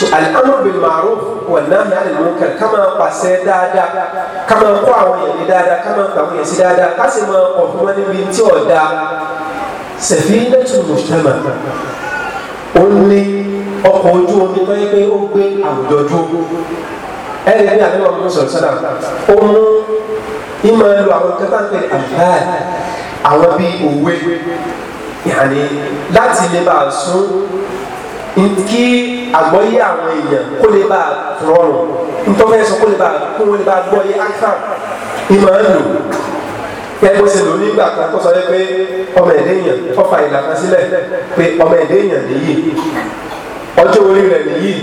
so al-amru bil-ma'ruf wan-nahyu 'anil-munkar ká máa pàṣẹ dáadáa ká máa kọ́ àwọn èèyàn ní dáadáa ká máa pàwọn èèyàn sí dáadáa ká sì máa kọ̀ fún wọn níbi tí ò dáa safinatul mujtama ó ní ọkọ̀ ojú omi tó yẹ pé ó gbé àwùjọ dúró ní àdéhùn ọmọ sọ̀rọ̀ sọ́dà ó mú ìmọ̀ ẹlò àwọn kẹta ń àwọn bíi òwe yàní láti lè bá a sún nkí àgbọ́yé àwọn èèyàn kó lè bá rọrùn ntọ́fẹ́ sọ kó lè bá kó wọ́n lè bá gbọ́yé akram ìmọ̀ ẹ̀ lò kẹ́gbẹ́ sì lò nígbà kan tó sọ pé ọmọ ẹ̀dẹ́ èèyàn fọ́fà ìlànà sílẹ̀ pé ọmọ ẹ̀dẹ́ èèyàn nìyí ọjọ́ orí rẹ̀ nìyí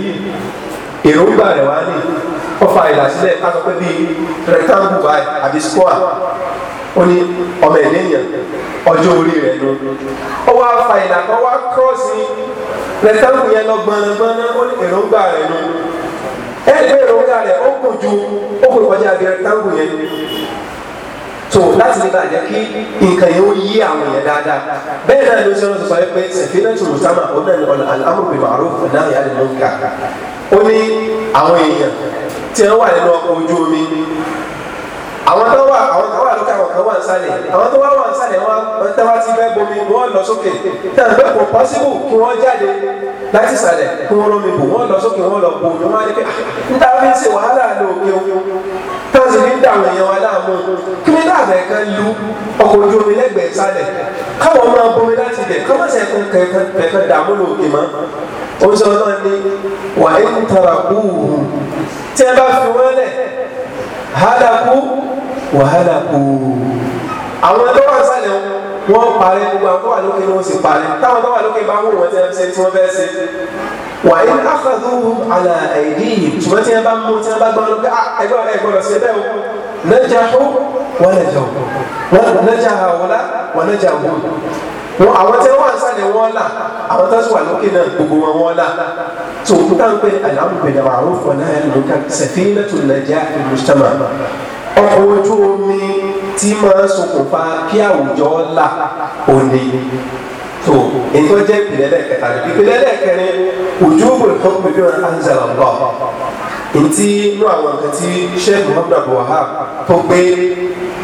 èròǹgbà rẹ̀ wá ní fọ́fà ìlànà sílẹ̀ ká pé bíi rectangle by àbí square ó ní ọmọ ẹ̀dẹ́ èèyàn ọjọ́ orí rẹ̀ ló ó wá fà wá kírọ́ọ̀sì lẹsẹ̀wù yẹn lọ gbanagbana ó ní èròǹgbà rẹ̀ nù ẹ gbé èròǹgbà rẹ̀ ó kù ju ó kù kọjá abẹ́rẹ́ táǹkù yẹn tó láti lè bàjẹ́ kí nǹkan yẹn ó yí àwọn yẹn dáadáa bẹ́ẹ̀ náà ló ṣe ń sọ pé sẹ̀fínà tó mùsàmà ó náà ní ọ̀nà alámùbí màrúf náà yà lè mú ó ní àwọn èèyàn tí wọ́n wà nínú ọkọ̀ ojú omi àwọn tó wà àwọn kan wà nsàlẹ̀ àwọn tó wá wà nsàlẹ̀ wọn tẹ́ wá ti fẹ́ bomi wọn lọ sókè tẹ́ ẹ̀ kò pọ́sibù kí wọ́n jáde láti sàlẹ̀ kí wọ́n lómi bò wọ́n lọ sókè wọ́n lọ bò wọ́n á ní pé ah, níta fi ń ṣe wàhálà lóòkè tọ́sí ní dàwọn èèyàn wa láàmú kí ní láàbẹ̀ kan lu ọkọ̀ ojú omi lẹ́gbẹ̀ẹ́ sálẹ̀ káwọn máa bomi láti bẹ̀ kọ́mọ̀sẹ̀ kankan kankan dààmú lòdì mọ́ ó sọ náà ní wàá ń tara kúù tí ẹ bá fi wọ́n lẹ̀ hádàkú wàhálà kù àwọn tó wà sálẹ̀ wọn parẹ́ gbogbo àwọn tó wà lókè ni wọ́n sì parẹ́ táwọn tó wà lókè bá wù wọ́n tẹ́ ṣe tí wọ́n fẹ́ ṣe wàá yín afẹ́dù àlà ẹ̀dí ṣùgbọ́n tí wọ́n bá mú tí wọ́n bá gbọ́n lókè ah, ẹgbẹ́ ọ̀rẹ́ ẹgbẹ́ ọ̀rẹ́ ṣe bẹ́ẹ̀ o nẹ́jà wọ́n nẹ́jà wọ́n nẹ́jà àwọ̀lá wọ́n nẹ́jà ó wọn àwọn tẹ wọn sani wọn la àwọn tẹ sọ wà lókè náà gbogbo wọn wọn la tó kúta ń pè alámùpẹ̀lẹ̀ àwọn fọ̀nà ẹ̀ lóka sẹ̀fínà tó nàjà ìlú sàmà ọkọ̀ ojú omi tí máa ń ṣokùnfà kí àwùjọ là òní tó nǹkan jẹ́ ìpìlẹ̀ lẹ́ẹ̀kẹta ìpìlẹ̀ lẹ́ẹ̀kẹrin ojú òbòrò kan pè bí wọn anzala Allah ntí inú àwọn nǹkan tí sheikh muhammad abu wahab tó gbé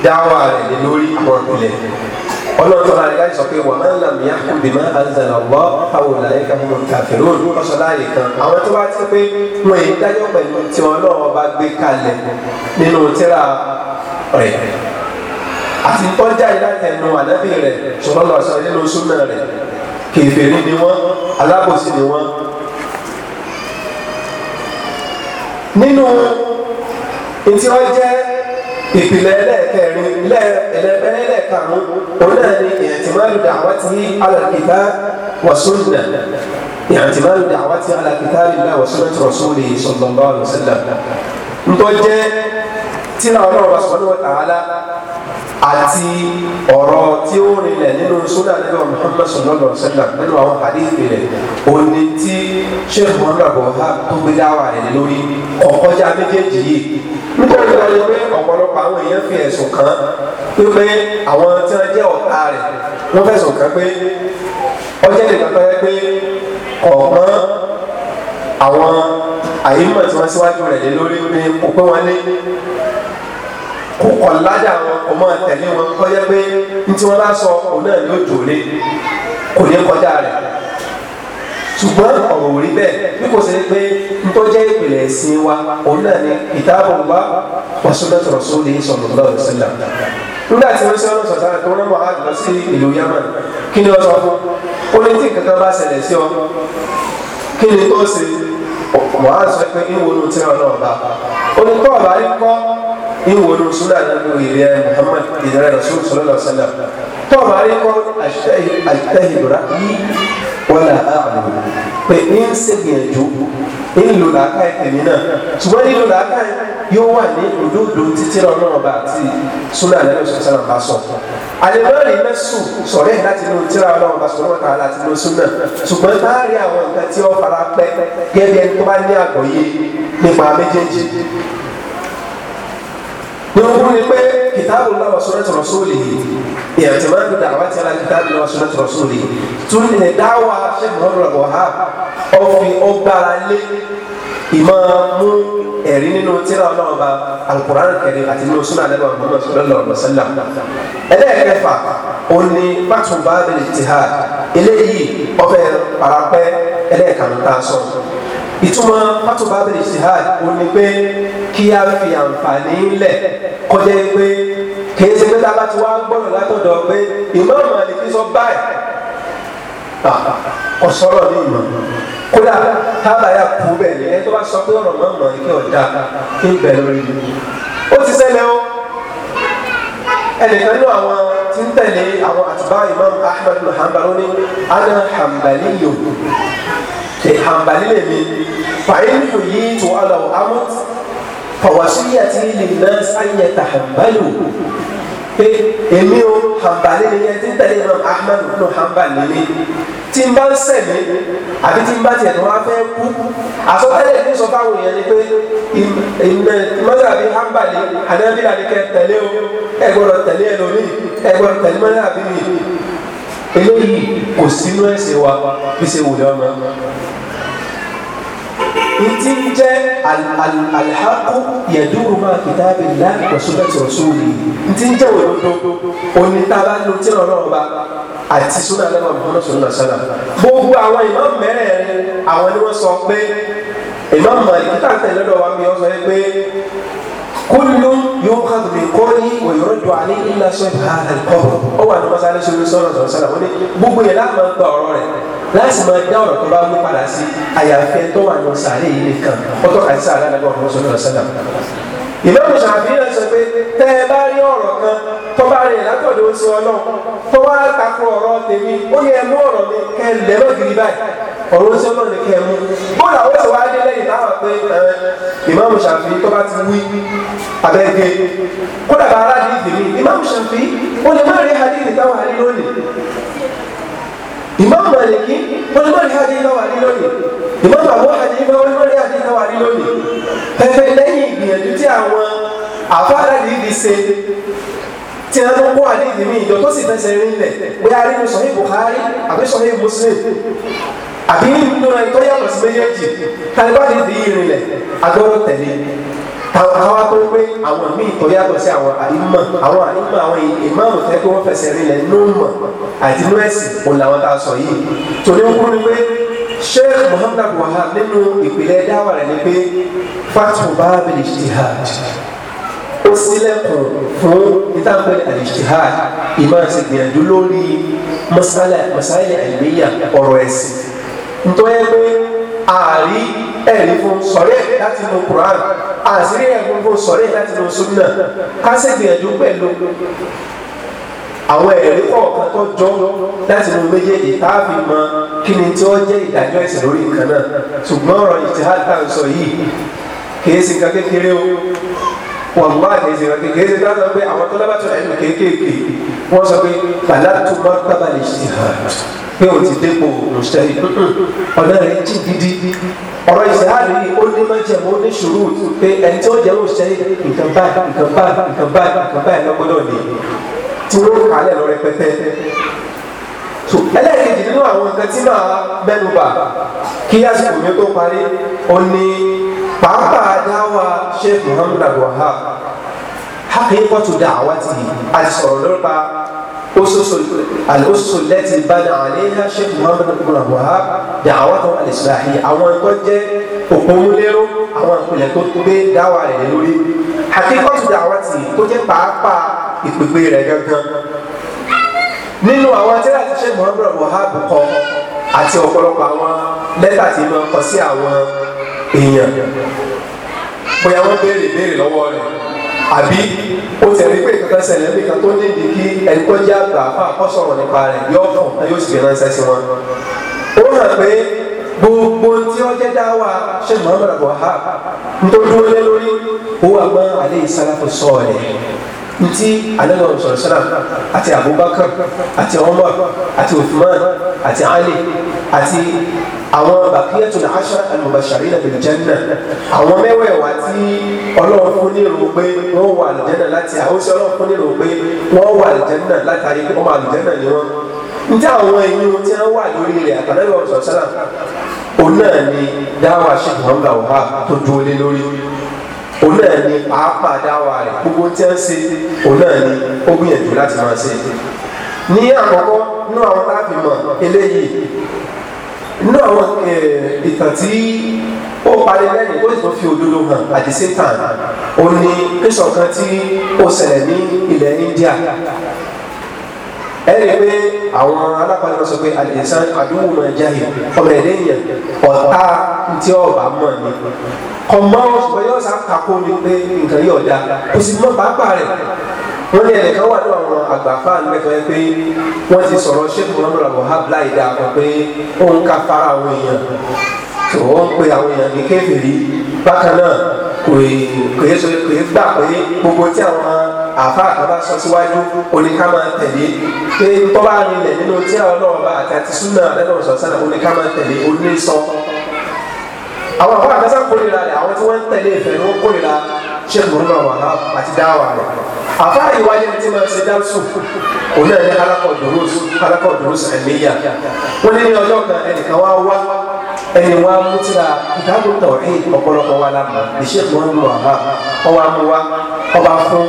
dáwà rẹ̀ lórí àwọn ìpìlẹ̀ ọlọ́tọ́ la ẹ̀ka sọ pé wà máa ń làm yá kó bímọ àzàlà lọ àwọn ọ̀làyẹ̀ká mú kàfẹ́rù ọ̀sọ̀ láàyè kan àwọn tó bá ti pé wọn èyí dájọ́ pẹ̀lú tí wọn náà bá gbé kalẹ̀ nínú tírà rẹ̀ àti tọ́jà ìdákẹ́nu ànábì rẹ̀ ṣùgbọ́n lọ́sọ̀ nínú súnà rẹ̀ kèfèrí ni wọ́n alábòsí ni wọ́n. nínú ìtí wọ́n jẹ́ ìpìlẹ̀ ẹlẹ́ẹ̀kẹrin ẹlẹ́ẹ̀karùn òun náà ni ìyàntìmáàlù dàwátì alàkìtà wàsúnà ìyàntìmáàlù dàwátì alàkìtà lílá wàsúnà tí rasúlì sallallahu alaihi wasallam ntọ́jẹ́ tí àwọn ọlọ́run bá sọ ní wọ́n tààlà àti ọ̀rọ̀ tí ó rinlẹ̀ nínú sunnah nínú Muhammad sallallahu alaihi wasallam nínú àwọn hadith rẹ̀ òní tí Sheikh Muhammad Wahab tó gbé dáwà rẹ̀ lórí ọ̀kọ́jà méjèèjì yìí nítorí wọn ni pé ọ̀pọ̀lọpọ̀ àwọn èèyàn fi ẹ̀sùn kàn án pé àwọn tí wọ́n jẹ́ ọ̀tá rẹ̀ wọ́n fẹ̀sùn kàn pé ọjọ́ nìkan tó yẹ pé ọ̀gbọ́n àwọn àyímọ̀ tí wọ́n síwájú rẹ̀ lé lórí pé kò kó kọ̀ ládà wọn kó máa tẹ̀lé wọn kó yẹ pé ntí wọn bá sọ òun náà yóò jòlé kò ní kọjá rẹ̀ ṣùgbọ́n ọ̀rọ̀ ò rí bẹ́ẹ̀ bí kò ṣe pé ntọ́jẹ́ ìpìlẹ̀ ẹ̀sìn wa òun náà ni ìtaàbọ̀ wa wàsúndàtò rọ̀sùn lè sọ̀rọ̀ lọ́wọ́ sílẹ̀ nígbà tí wọ́n sọ̀rọ̀ sọ̀tà tó ń wà lọ sí ìlú yamani kí ni wọ́n sọ fún ó ní tí kankan bá ṣẹlẹ̀ sí ọ kí ni tó ṣe wàá sọ pé ìwòlù tí wọn náà bá ó ní tó ọ̀bà rí kọ́ ìwòlò sódà nínú ìrẹ́ Muhammad ìrẹ́ rasul sallallahu alaihi wasallam tó o bá rí kọ́ àṣìtẹ́hìbìrà yí wọlé àbò pé ní ń ṣègbìyànjú nílò làákà ẹ̀mí náà ṣùgbọ́n nílò làákà yóò wà ní òdòdó títí náà ọba àti sódà nínú sọ̀tẹ́nà bá sọ. àlèmọ́rì mẹ́sù sọ̀rẹ́ láti inú tíra ọlọ́run bá sọ̀rọ̀ kan láti inú súnà ṣùgbọ́n bá rí àwọn nǹkan tí ó fara pẹ́ gẹ́gẹ́ tó bá ní àgbọ́yé nípa méjèèjì كتاب الله وسنة رسوله اعتماد دعوتي على كتاب الله وسنة رسوله تون دعوة شيخ محمد الوهاب أو في أوبالا لي ìmọ̀ọ́mú ẹ̀rí nínú tíra ọlọ́run ba alukur'an kẹrin àti nínú sunan alẹ́ bá muhammad sallallahu alayhi wa sallam ẹlẹ́ẹ̀kẹfà òní pàtùbá bẹ̀rẹ̀ tìhá eléyìí ọbẹ̀ parapẹ́ ẹlẹ́ẹ̀kanú tá a sọ ìtumọ̀ fatuba abẹ́rẹ́ ìṣìhàd ò ní pé kí a fi àǹfààní lẹ̀ kọjá pé kì í ṣe pé tá a bá ti wá gbọ́dọ̀ látọ̀dọ̀ pé ìmáàmù Málíkì sọ báyìí ah, ọ̀sọ́rọ̀ ní ìmọ̀ kódà tábà yà kú bẹ́ẹ̀ ni ẹni tó bá sọ pé ọ̀rọ̀ máa mọ̀ kí ọ̀dà kí n bẹ̀rẹ̀ rí ó ti ṣẹlẹ̀ o ẹnìkan nínú àwọn tí ń tẹ̀lé àwọn àtibá Imam Ahmad bin ní ana hanbali yòókù ìhàmbálí lè mi fàyínlù yìí tó aláwọ̀ amút fọwọ́síyàtì lè náà sáyẹ tàhàmbálù pé èmi ò hàmbálí ni yẹn tí ń tẹ̀lé Imam Ahmad ló hàmbálí ni tí n bá ń sẹ̀mí àbí tí n bá tiẹ̀ tó wá fẹ́ kú àsọtẹ́lẹ̀ ní sọ fáwọn èèyàn ni pé ìmọ̀ mọ́sàbí hàmbálí ànábìlà ni kẹ́ o ẹ gbọ́dọ̀ tẹ̀lé ẹ lónìí ẹ mi eléyìí kò sínú ẹ̀sìn wa fi ṣe wùdọ́ mọ́ ìtì ń jẹ́ alhaku yẹ̀dúró máa kìtàbí láì pẹ̀sùbẹ̀tì ọ̀ṣùwì ìtì ń jẹ́ òdodo onítàbá ló tí ọ̀rọ̀ ọba àti súnà lẹ́wọ̀n Muhammad sọ̀rọ̀ sọ̀rọ̀ gbogbo àwọn ìmọ̀ mẹ́rẹ̀ẹ̀rin àwọn ni wọ́n sọ pé ìmọ̀ mọ̀lì kí táǹtẹ̀ lọ́dọ̀ wa mi ọ̀sọ̀ yẹ pé kúlù yóò ká tóbi kọ́ni òyìnbó dùn àní ńlá sọ̀rọ̀ àlùkọ́ ọ̀wà ni wọ́n sáré sọ̀rọ̀ sọ̀rọ̀ sọ̀rọ̀ láti máa dá ọ̀rọ̀ tó bá mú padà sí àyàfẹ́ tó wà ní sàárè yìí nìkan ó tọ́ka sí sàárè ọ̀rọ̀ sọ́nà ọ̀sán náà. ìmọ̀ràn ṣàfihàn sọ pé tẹ́ ẹ bá rí ọ̀rọ̀ kan tó bá rìn látọ̀dọ̀ oṣù ọlọ́run tó wá takò ọ̀rọ̀ tèmi ó yẹ mú ọ̀rọ̀ mi kẹ́ ẹ lẹ́ lọ́gìrì báyìí ọ̀rọ̀ oṣù ọlọ́run ni kẹ́ ẹ mú. bóòlù àwọn oṣù wa dé lẹ́yìn táwọn pé ìmọ̀ràn ṣàfihàn tó bá ti wí abẹ́gbẹ́ kódà bá aráàlú ìdèmí ìmọ̀ràn ṣàfihàn ó lè má rí hadith táwọn hadith lónìí ìmáàmù Màlíkì wọ́n ní mọ́ni hajj náà wà ní lónìí ìmáàmù Abu Hanifa wọ́n ní mọ́ni hajj náà wà ní lónìí pẹ̀pẹ̀ lẹ́yìn ìgbìyànjú tí àwọn àfáàdà yìí fi ṣe tí a tó kó àdéhìí mi ìjọ tó sì fẹsẹ̀ rinlẹ̀ bóyá arínú sọ̀hí Bukhari àbí sọ̀hí Muslim àbí nínú ẹ̀ tó yàtọ̀ sí méjèèjì tàbí bá ti di ìrìnlẹ̀ agbọ́dọ̀ tẹ̀lé káwá tó pé àwọn míì tó yàtọ̀ sí àwọn àìmọ̀ àwọn àìmọ̀ àwọn ìmáàmù tẹ́ pé wọ́n fẹsẹ̀ rinlẹ̀ nù mọ̀ àti nù ẹ̀sìn òun làwọn tá a sọ yìí tòní kúrú ni pé sheikh muhammad wahab nínú ìpìlẹ̀ dáwà rẹ̀ ni pé fatu baabi ijtihad ó sílẹ̀kùn fún ìtàgbẹ́ al-ijtihad ìmọ̀ àti gbìyànjú lórí masala masala àìlèyà ọ̀rọ̀ ẹ̀sìn nítorí pé ààrí ẹ̀rí fún sọ̀rẹ́ láti mú quran àṣírí ẹ̀gbogbo sọ̀rọ̀ láti lo súnà kásẹ̀ gbìyànjú pẹ̀lú àwọn ẹ̀rí kọ̀ọ̀kan tó jọ láti lo méjèèjì tá a fi mọ kí ni tí wọ́n jẹ́ ìdájọ́ ẹ̀sìn lórí nǹkan náà ṣùgbọ́n ọ̀rọ̀ ìtìhá tá à ń sọ yìí kìí ṣe nǹkan kékeré o wàlúwà kìí ṣe nǹkan kékeré ṣe dáadáa pé àwọn tó lábàtọ̀ ẹ̀mí kéékèèké wọ́n sọ pé pàlátùmọ́ kábàlì ṣe hàn pé o ti dépò mùsùlùmí ọ̀nà rẹ̀ jí gidi ọ̀rọ̀ ìsèhálì yìí ó ní máa jẹ̀mọ́ ó ní ṣòro pé ẹni tí ó jẹ́ mùsùlùmí nǹkan báyìí nǹkan báyìí nǹkan báyìí nǹkan báyìí lọ́gbọ́dọ̀ ni tí wọ́n kà á lẹ̀ lọ rẹpẹtẹ. ẹlẹ́ẹ̀kejì nínú àwọn nǹkan tí máa mẹ́nu bà kí àsìkò mi tó parí ó ní pàápàá dáwà Sheikh Muhammad Abdul Wahab hakikatu da'wati àti sọ̀rọ̀ lọ́pa oṣooṣo lẹ́tì bada àléhà sheikh muhammad ibn wahab da'watu al-islahiyya àwọn nǹkan jẹ́ òpómúlérò àwọn ìpìlẹ̀ tó gbé dáwà rẹ̀ lórí hakikatu da'wati tó jẹ́ pàápàá ìpèpè rẹ̀ gangan nínú àwọn tírà tí sheikh muhammad ibn wahab kọ àti ọ̀pọ̀lọpọ̀ àwọn lẹ́tà tí máa ń kọ sí àwọn èèyàn bóyá wọ́n béèrè béèrè lọ́wọ́ rẹ̀ àbí ó tẹ̀lé pé kankan ṣẹlẹ̀ bí kan tó ní ìdí kí ẹni tó jẹ́ àgbà fà kọ́ sọ̀rọ̀ nípa rẹ̀ yóò fún un yóò sì fi ránṣẹ́ sí wọn. ó hàn pé gbogbo tí wọ́n jẹ́ dáwà ṣe Muhammad Buhari nítorí wọ́n lé lórí owó àgbọn alẹ́ ìsàlàtò sọ̀rọ̀ nti alẹ́nà sọ̀rọ̀sọ̀rọ̀ àti Abubakar àti Umar àti Uthman àti Ali àti àwọn baqiyatul ashara al-mubashirina bil janna àwọn mẹ́wẹ̀ẹ̀wá tí ọlọ́run fún ní ìrò pé wọ́n wà àlùjẹ́nà láti àwòṣe ọlọ́run fún ní ìrò pé wọ́n wà àlùjẹ́nà látàrí pé wọ́n wà àlùjẹ́nà ni wọ́n njẹ́ àwọn ẹ̀yin tí wọ́n wà lórí rẹ̀ àtàlẹ́wọ̀ sọ̀sẹ́là òun náà ni dáwà Sheikh Muhammad Wahab tó dúró lé lórí òun náà ni pàápàá dáwà rẹ̀ gbogbo tí wọ́n ṣe òun náà ni ó gbìyànjú láti máa ṣe ní àkọ́kọ́ nínú àwọn táàbì mọ̀ eléyìí nínú àwọn eh, ìtàn tí ó parí lẹ́yìn ó sì tún fi òdodo hàn àti satan ó ní pẹ̀sọ̀ kan tí ó ṣẹlẹ̀ ní ilẹ̀ India ẹni pé àwọn alápàdé wọn sọ pé àdìsán àdúgbò máa jáde ọmọ ẹ̀dẹ́ yẹn ọ̀tá tí ọba mọ̀ ni kọ̀mọ́ ọ̀sùn pé yóò sá kakó ni pé nǹkan yóò da kò sì mọ́ pàápàá rẹ̀ wọ́n ní ẹnìkan wà ní àwọn àgbàfà mẹ́tọ́ yẹn pé wọ́n ti sọ̀rọ̀ sheikh muhammed abdulhab láì dáa kan pé òun ká fara àwọn èèyàn tó wọ́n pe àwọn èèyàn ní kèfèrí bákan náà kò yẹ e, e sọ pé e gbà pé gbogbo tí àwọn àfa àkàbà sọ síwájú oníká máa tẹ̀lé pé tọ́ba rinlẹ̀ nínú tí àwọn náà bá àti àti súnà lẹ́nu sọ̀sánà oníká máa tẹ̀lé onísọ àwọn àfa àkàbà sọ kórìíra rẹ̀ àwọn tí wọ́n ń tẹ̀lé ìfẹ́ ni wọ́n kórìíra sheikh muhammed abdulhab àti dáwà rẹ̀ àfáà yìí wáyé ní tí máa ṣe dáńsù òun náà ní alákọ̀ọ́dúnrún alákọ̀ọ́dúnrún sàmìyà ó ní ní ọjọ́ kan ẹnìkan wá wá ẹni wá mú tíra ìdáàbò tọ̀hìn ọ̀pọ̀lọpọ̀ wa lámà ní ṣé wọ́n ń lọ àbá ọwọ́ amúwá ọba fún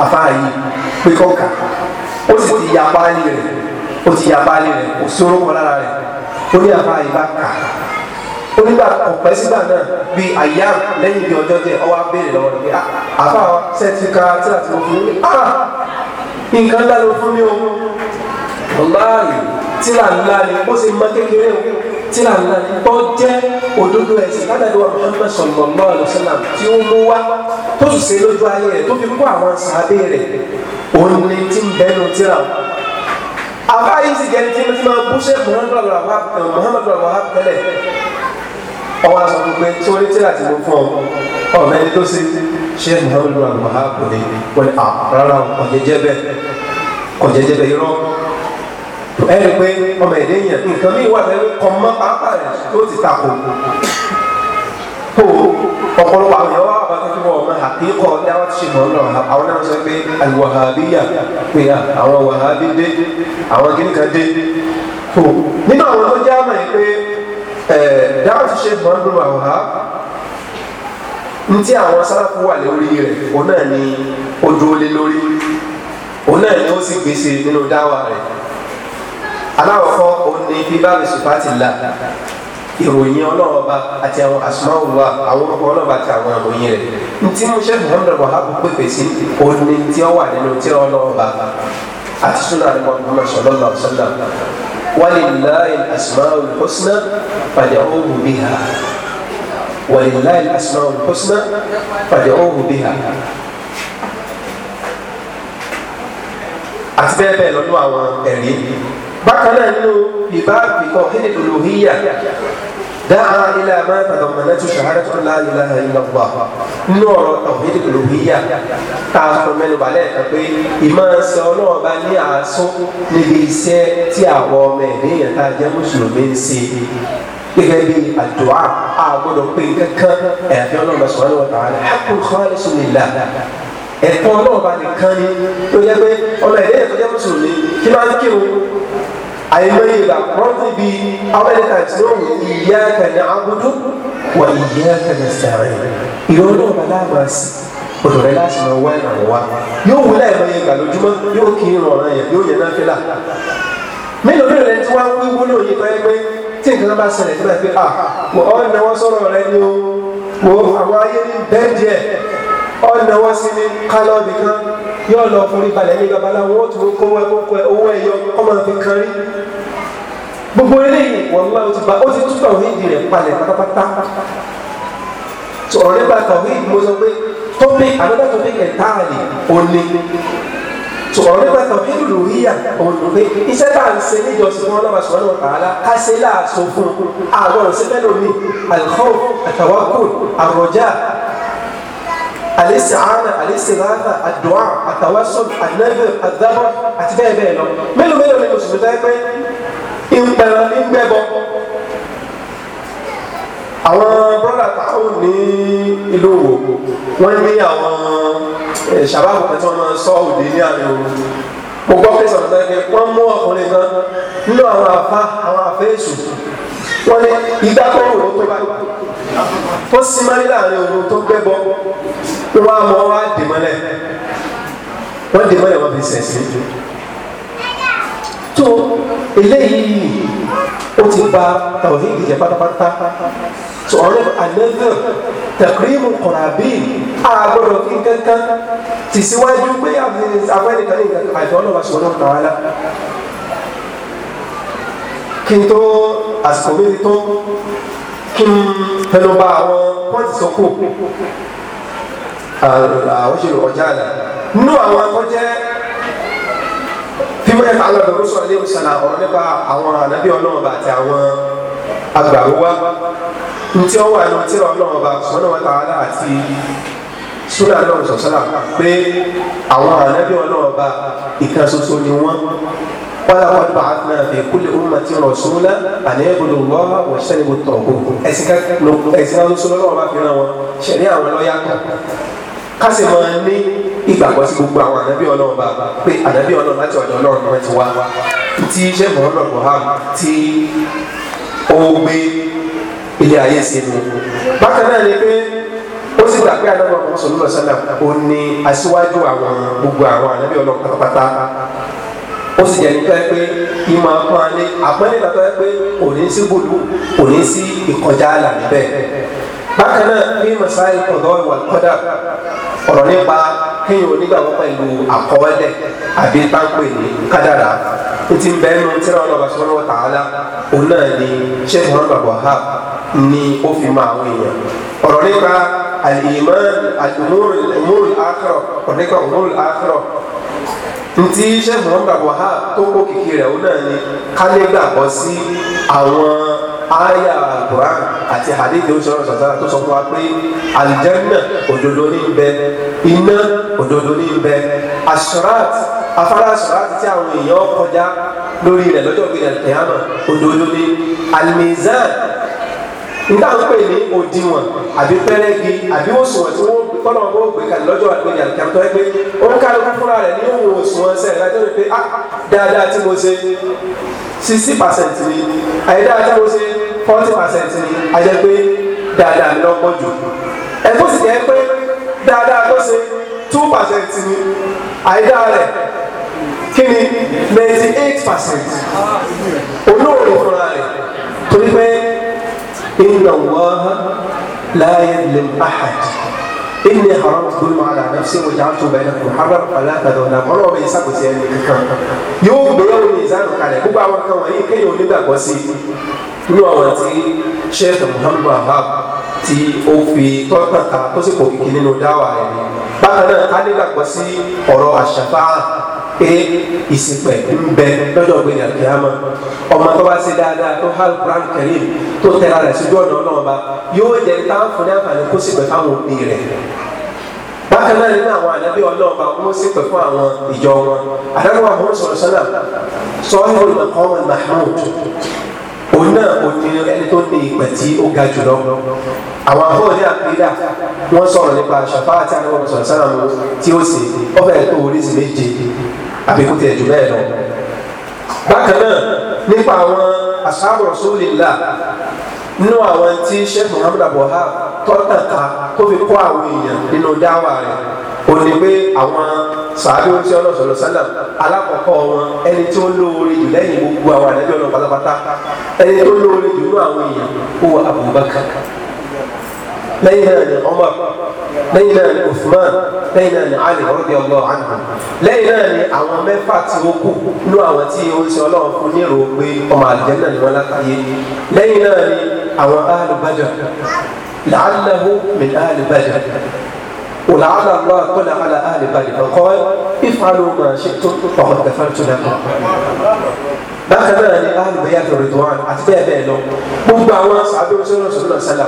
àfáà yìí pé kọ́ka ó sì ti ya páálí rẹ̀ ó ti ya páálí rẹ̀ kò sóró kan lára rẹ̀ ó ní àfáà yìí bá onígbà ọ̀pẹ́ sígbà náà bíi àyà lẹ́yìn bíi ọjọ́ díẹ̀ ọwọ́ abéèrè lọ́wọ́ rẹ̀ pé ah, àfa sẹ́tìkà tíra tí mo fún mi ah, nǹkan ńlá ló fún mi o ọláàyè tíra ńlá ni ó sì mọ kékeré o tíra ńlá ni tó jẹ́ òdodo ẹ̀sìn látàdé wa Muhammad sallallahu alaihi wasallam tí ó mú wá tó sì ṣe lójú ayé rẹ̀ tó fi kó àwọn sàábé rẹ̀ òun ni tí ń bẹ́nu tíra o àbáyé sì jẹ́ ní tí mo ti máa bú sẹ́ẹ̀kù Muhammad Abdul Wahab tẹ́lẹ̀ ọwọ́ aṣọ gbogbo ẹni tí ó létí láti mú fún ọ ọmọ ẹni tó ṣe ṣé muhammed wa mahabu ni wọn ni rárá ọ̀jẹ̀jẹ̀ bẹ́ẹ̀ ọ̀jẹ̀jẹ̀ bẹ́ẹ̀ irọ́ ẹni pé ọmọ ẹ̀dẹ́ yẹn nǹkan mi wà lẹ́nu kan mọ́ pàápàá rẹ̀ tó ti takò kó ọ̀pọ̀lọpọ̀ àwọn èèyàn wá àbájá fún wọn ọmọ àkíkọ̀ dáwọ́ ti ṣe mọ̀ náà àwọn náà sọ pé àlùwàhábíyà pé àwọn wàhábí dé àwọn kìnnìkan dé kó nínú àwọn tó jẹ́ àmọ̀ yìí pé dáhùn ṣe mọ́nùmọ́ àwòrán ntí àwọn sáláfù wà lórí rẹ̀ òun náà ni ó dúró lé lórí òun náà ni ó sì gbèsè nínú dáwà rẹ̀ aláwọ̀kọ́ òun ni bíbá mi sùpàtì là ìròyìn ọlọ́run ọba àti àwọn asùmáwùwà àwọn orúkọ àti àwọn àròyìn rẹ̀ ntí mo ṣe pépè sí òun ni tí ó wà nínú tí àti walillahi al-asma'ul husna fad'uhu biha walillahi al-asma'ul husna fad'uhu biha. àti bẹ́ẹ̀ bẹ́ẹ̀ lọ́nú àwọn ẹ̀rí bákan náà nínú ìbáàbí kan kí ni دعا إلى ما تضمنته شهادة أن لا إله إلا الله نور توحيد الألوهية تعرف من بالك تبي ìmọ̀ ṣe ọlọ́run bá ní àásọ níbi iṣẹ́ tí àwọn ọmọ ènìyàn tá a jẹ́ mùsùlùmí ń ṣe gẹ́gẹ́ bí àdúrà a gbọ́dọ̀ pé kankan ẹ̀yàfẹ́ ọlọ́run subhanahu wa ta'ala haqqun khalisun lillah ẹ̀tọ́ ọlọ́run bá nìkan ni ó yẹ pé ọmọ ẹ̀dẹ́yẹ̀ tó jẹ́ mùsùlùmí kí máa ń kírun àìmọye ìgbà rántí bí amẹ́ríkà tí ó wù ìyá kẹ̀lẹ́ agudu wà ìyá kẹ̀lẹ́ sẹ̀rẹ̀ ìrọ̀lẹ́ ọ̀bà láàmà sí òtòrẹ láti máa wá ìrànwọ́ wa yóò wù láìmọye ìgbà lójúmọ́ yóò kí ń rọ̀ràn yẹn yóò yẹ náà fílà mélòó mélòó lẹni tí wọ́n á wíwú lóye pẹ́ẹ́pẹ́ tí nǹkan bá ṣẹlẹ̀ tí wọ́n fi à mọ̀ ọ́ náwó sọ̀rọ̀ rẹ ni o mọ̀ àwọn ayé ní bẹ́ẹ̀ díẹ̀ ọ́ náwó sí ní yóò lọ forí balẹ̀ ní babaláwo wọ́n tún kó wọn kó owó ẹ̀yọ ọmọ fi kan rí gbogbo eléyìí wọ́n máa ti ba ó ti túbọ̀ òun ìdí rẹ̀ palẹ̀ pátápátá sọ̀rọ̀ nípa tàwíì mo sọ pé tóbi àdọ́dá tóbi ẹ̀táàlì òní sọ̀rọ̀ nípa tàwíì lòríyà òní iṣẹ́ tá à ń ṣe níjọsìn fún ọlọ́wà sọ̀rọ̀ náà tààlà ká ṣe láàṣọ fún àwọn òṣèlú ẹlòmíì àlùkò àtàwákò àròjà الاستعانة الاستغاثة الدعاء التوسل النذر الذبح àti bẹ́ẹ̀ bẹ́ẹ̀ lọ mélòó mélòó ni oṣù tó pé ìpẹ̀rẹ̀ ní gbẹ́bọ àwọn brọ́dà táwọn ní ìlú òwò wọ́n ní àwọn ṣàbáwò kan tí wọ́n máa ń sọ òde ní àná mo gbọ́ pé sọ̀rọ̀ sẹ́kẹ̀ wọ́n mú ọkùnrin kan nínú àwọn àfa àwọn àfẹ́ èṣù wọ́n ní ìdákọ̀wò ló tó báyìí ó sì máa ní láàrin òun tó gbẹ bọ wọn á mọ wọn á dè mọ́lẹ̀ wọn dè mọ́lẹ̀ wọn fi sẹsẹ tó eléyìí ó ti ba tawhid jẹ pátápátá tó ọ̀rẹ́ àlẹ́fẹ́ tẹ̀kírímù kọ̀ràbí àgbọ̀dọ̀ kí kankan ti síwájú pé àfẹ́nìkan ní àjọ ọlọ́wà ṣùgbọ́n náà tàwa la kí n tó àsìkò mi tó kí n fẹnubà àwọn pọ́ǹtì sọ́kò àwọn ṣe ọjà àlà nínú àwọn akọ́jẹ́ bí wọ́n yẹ ká lọ́dọ̀ ló sọ̀rọ̀ léwu sànà ọ̀rọ̀ nípa àwọn ànábì ọlọ́ọ̀bà àti àwọn agbàwọ́wá ntí ọwọ́ àná tí ọlọ́ọ̀bà sọ̀rọ̀ wọn tààlà àti súnà náà sọ̀sọ́là pé àwọn ànábì ọlọ́ọ̀bà ìkan ni wọ́n ولقد بعثنا في كل أمة رسولا أن يعبدوا الله واجتنبوا الطاغوت ẹ̀sìn ká ẹ̀sìn ká ló sọ lọ́wọ́ bá fi ràn wọn ṣẹ̀rí àwọn lọ́yàtọ̀ ká sì máa ní ìgbàgbọ́ sí gbogbo àwọn ànábì ọlọ́run bá pé ànábì ọlọ́run láti ọ̀dọ̀ ọlọ́run náà ti wá tí sẹ́fù ọlọ́run buhari tí ó gbé ilé ayé sí inú bákan náà ni pé ó sì gbà pé ànábì ọlọ́run sọ̀rọ̀ lọ́sọ̀lá ó ní aṣíwájú àwọn gbogbo àwọn ànábì ọlọ́run pátápátá ó sì yẹ pé pé ìmọ̀ àpọ́n alẹ́ àpọ́nlé náà pé pé kò ní sí gbòdú kò ní sí ìkọjá àlà níbẹ̀. bákan náà bí masáyì kọ̀dọ̀ ìwà kọ́dà ọ̀rọ̀ nípa kéèyàn onígbàgbọ́ pẹ̀lú àkọọ́lẹ̀ àbí táǹpẹ̀ ní kádàrà ó ti ń bẹ́ẹ̀ nù tí wọ́n lọ́ba sọ́nà wọ́n tààlà òun náà ni sheikh muhammad wahab ni ó fi mọ àwọn èèyàn ọ̀rọ̀ nípa al-iman al ọ̀rọ̀ nípa al-umur ntí iṣẹ́ muhammed abuha tó kó kìkì rẹ̀ ó náà ni ká lè gbàgbọ́ sí àwọn aya alukuran àti hadith tó ń sọ̀rọ̀ sọ̀tara tó sọ fún wa pé alijanna òdodo ní bẹ iná òdodo ní bẹ asurat afárá asurat tí àwọn èèyàn kọjá lórí rẹ̀ lọ́jọ́ gbé ẹ̀yámà òdodo ní alimizan nígbà ń pè ní òdiwọ̀n àbí pẹ́rẹ́gì àbí òṣùwọ̀n tí wọ́n kọ́nà wọn gbé kalẹ̀ lọ́jọ́ àgbẹ̀yà kàtọ́ ẹ pé ó ń kálukú fúnra rẹ̀ ní òun òṣùwọ̀n sẹ́yìn láti rí pé ah dáadáa tí mo ṣe sixty percent ni àyẹ̀dáa tí mo ṣe forty percent ni a jẹ́ pé dáadáa mi lọ́gbọ́n jù ẹ̀ tó sì jẹ́ pé dáadáa tó ṣe two percent ni àyẹ̀dáa rẹ̀ kí ni ninety eight percent olóòrò fúnra rẹ̀ torí pé. إن الله لا يظلم أحد إني حرمت ظلم على نفسي وجعلته بينكم محرم فلا تظلم ọlọ́wọ́ bẹ́ẹ̀ ṣàkóso ẹni kankan yóò gbéyàwó ní ìsánù kalẹ̀ gbogbo àwọn kan wọ̀nyí kéèyàn onígbàgbọ́ sí inú àwọn tí sheikh muhammadu ahab tí ó fi tọ́tàtà tó sì pò kìkì nínú dáwà rẹ̀ bákan náà ká nígbàgbọ́ sí ọ̀rọ̀ àṣàfáà pé ìsìnpẹ̀ ń bẹ lọ́jọ́ gbé ní àkíyàmá ọmọ tó bá ṣe dáadáa tó hàl quran karim tó tẹ̀ra rẹ̀ sí gbọ́dọ̀ náà bá yóò jẹ́ táwọn fún ní àǹfààní kó sì pẹ̀ fáwọn òbí rẹ̀ bákan náà nínú àwọn ànábì ọlọ́run bá wọ́n sì pẹ̀ fún àwọn ìjọ wọn àdáwọ̀ àwọn sọ̀rọ̀ sọ́nà sọ́ọ́nù olùkọ́mọ mahmud òun náà ò ní ẹni tó ní ìpè tí ó ga jùlọ àwọn afọ́n ní àpínlẹ̀ wọ́n sọ̀rọ̀ nípa ṣàfáà tí àwọn sọ̀rọ̀ sọ́nà tí ó sì ọ̀fẹ́ tó orí sì méje àbíkú tiẹ̀ jù bẹ́ẹ̀ lọ. bákan náà nípa àwọn asáàbù rasulillah nínú àwọn tí sheikh muhammad abuha tọ́tà ta tó fi kó àwọn èèyàn nínú dáwà rẹ̀ ó ní pé àwọn sàábí ohun tí ọlọ́sọ̀rọ̀ sálàm alákọ̀ọ́kọ́ wọn ẹni tí ó lóore jù lẹ́yìn gbogbo àwọn àdájọ́ náà pátápátá ẹni tó lóore jù nínú àwọn èèyàn ó wọ Abubakar lẹ́yìn náà ni Umar lẹ́yìn عثمان ni علي رضي الله عنه Ali radiyallahu anhu lẹ́yìn náà ni àwọn mẹ́fà tí ó kù nú àwọn tí ó ń ṣe ọlọ́run fún nírò pé ọmọ àlùjànnà ni wọ́n látàyè lẹ́yìn náà ni àwọn ahlu Badr la'allahu min ahli Badr ولعل الله اطلع على اهل بدر فقال افعلوا ما شئتم فقد غفرت لكم bákan náà ni ahlul bayat ridwan àti bẹ́ẹ̀ bẹ́ẹ̀ lọ gbogbo àwọn sàbẹ̀ òṣèlú ṣọlá ṣẹlẹ̀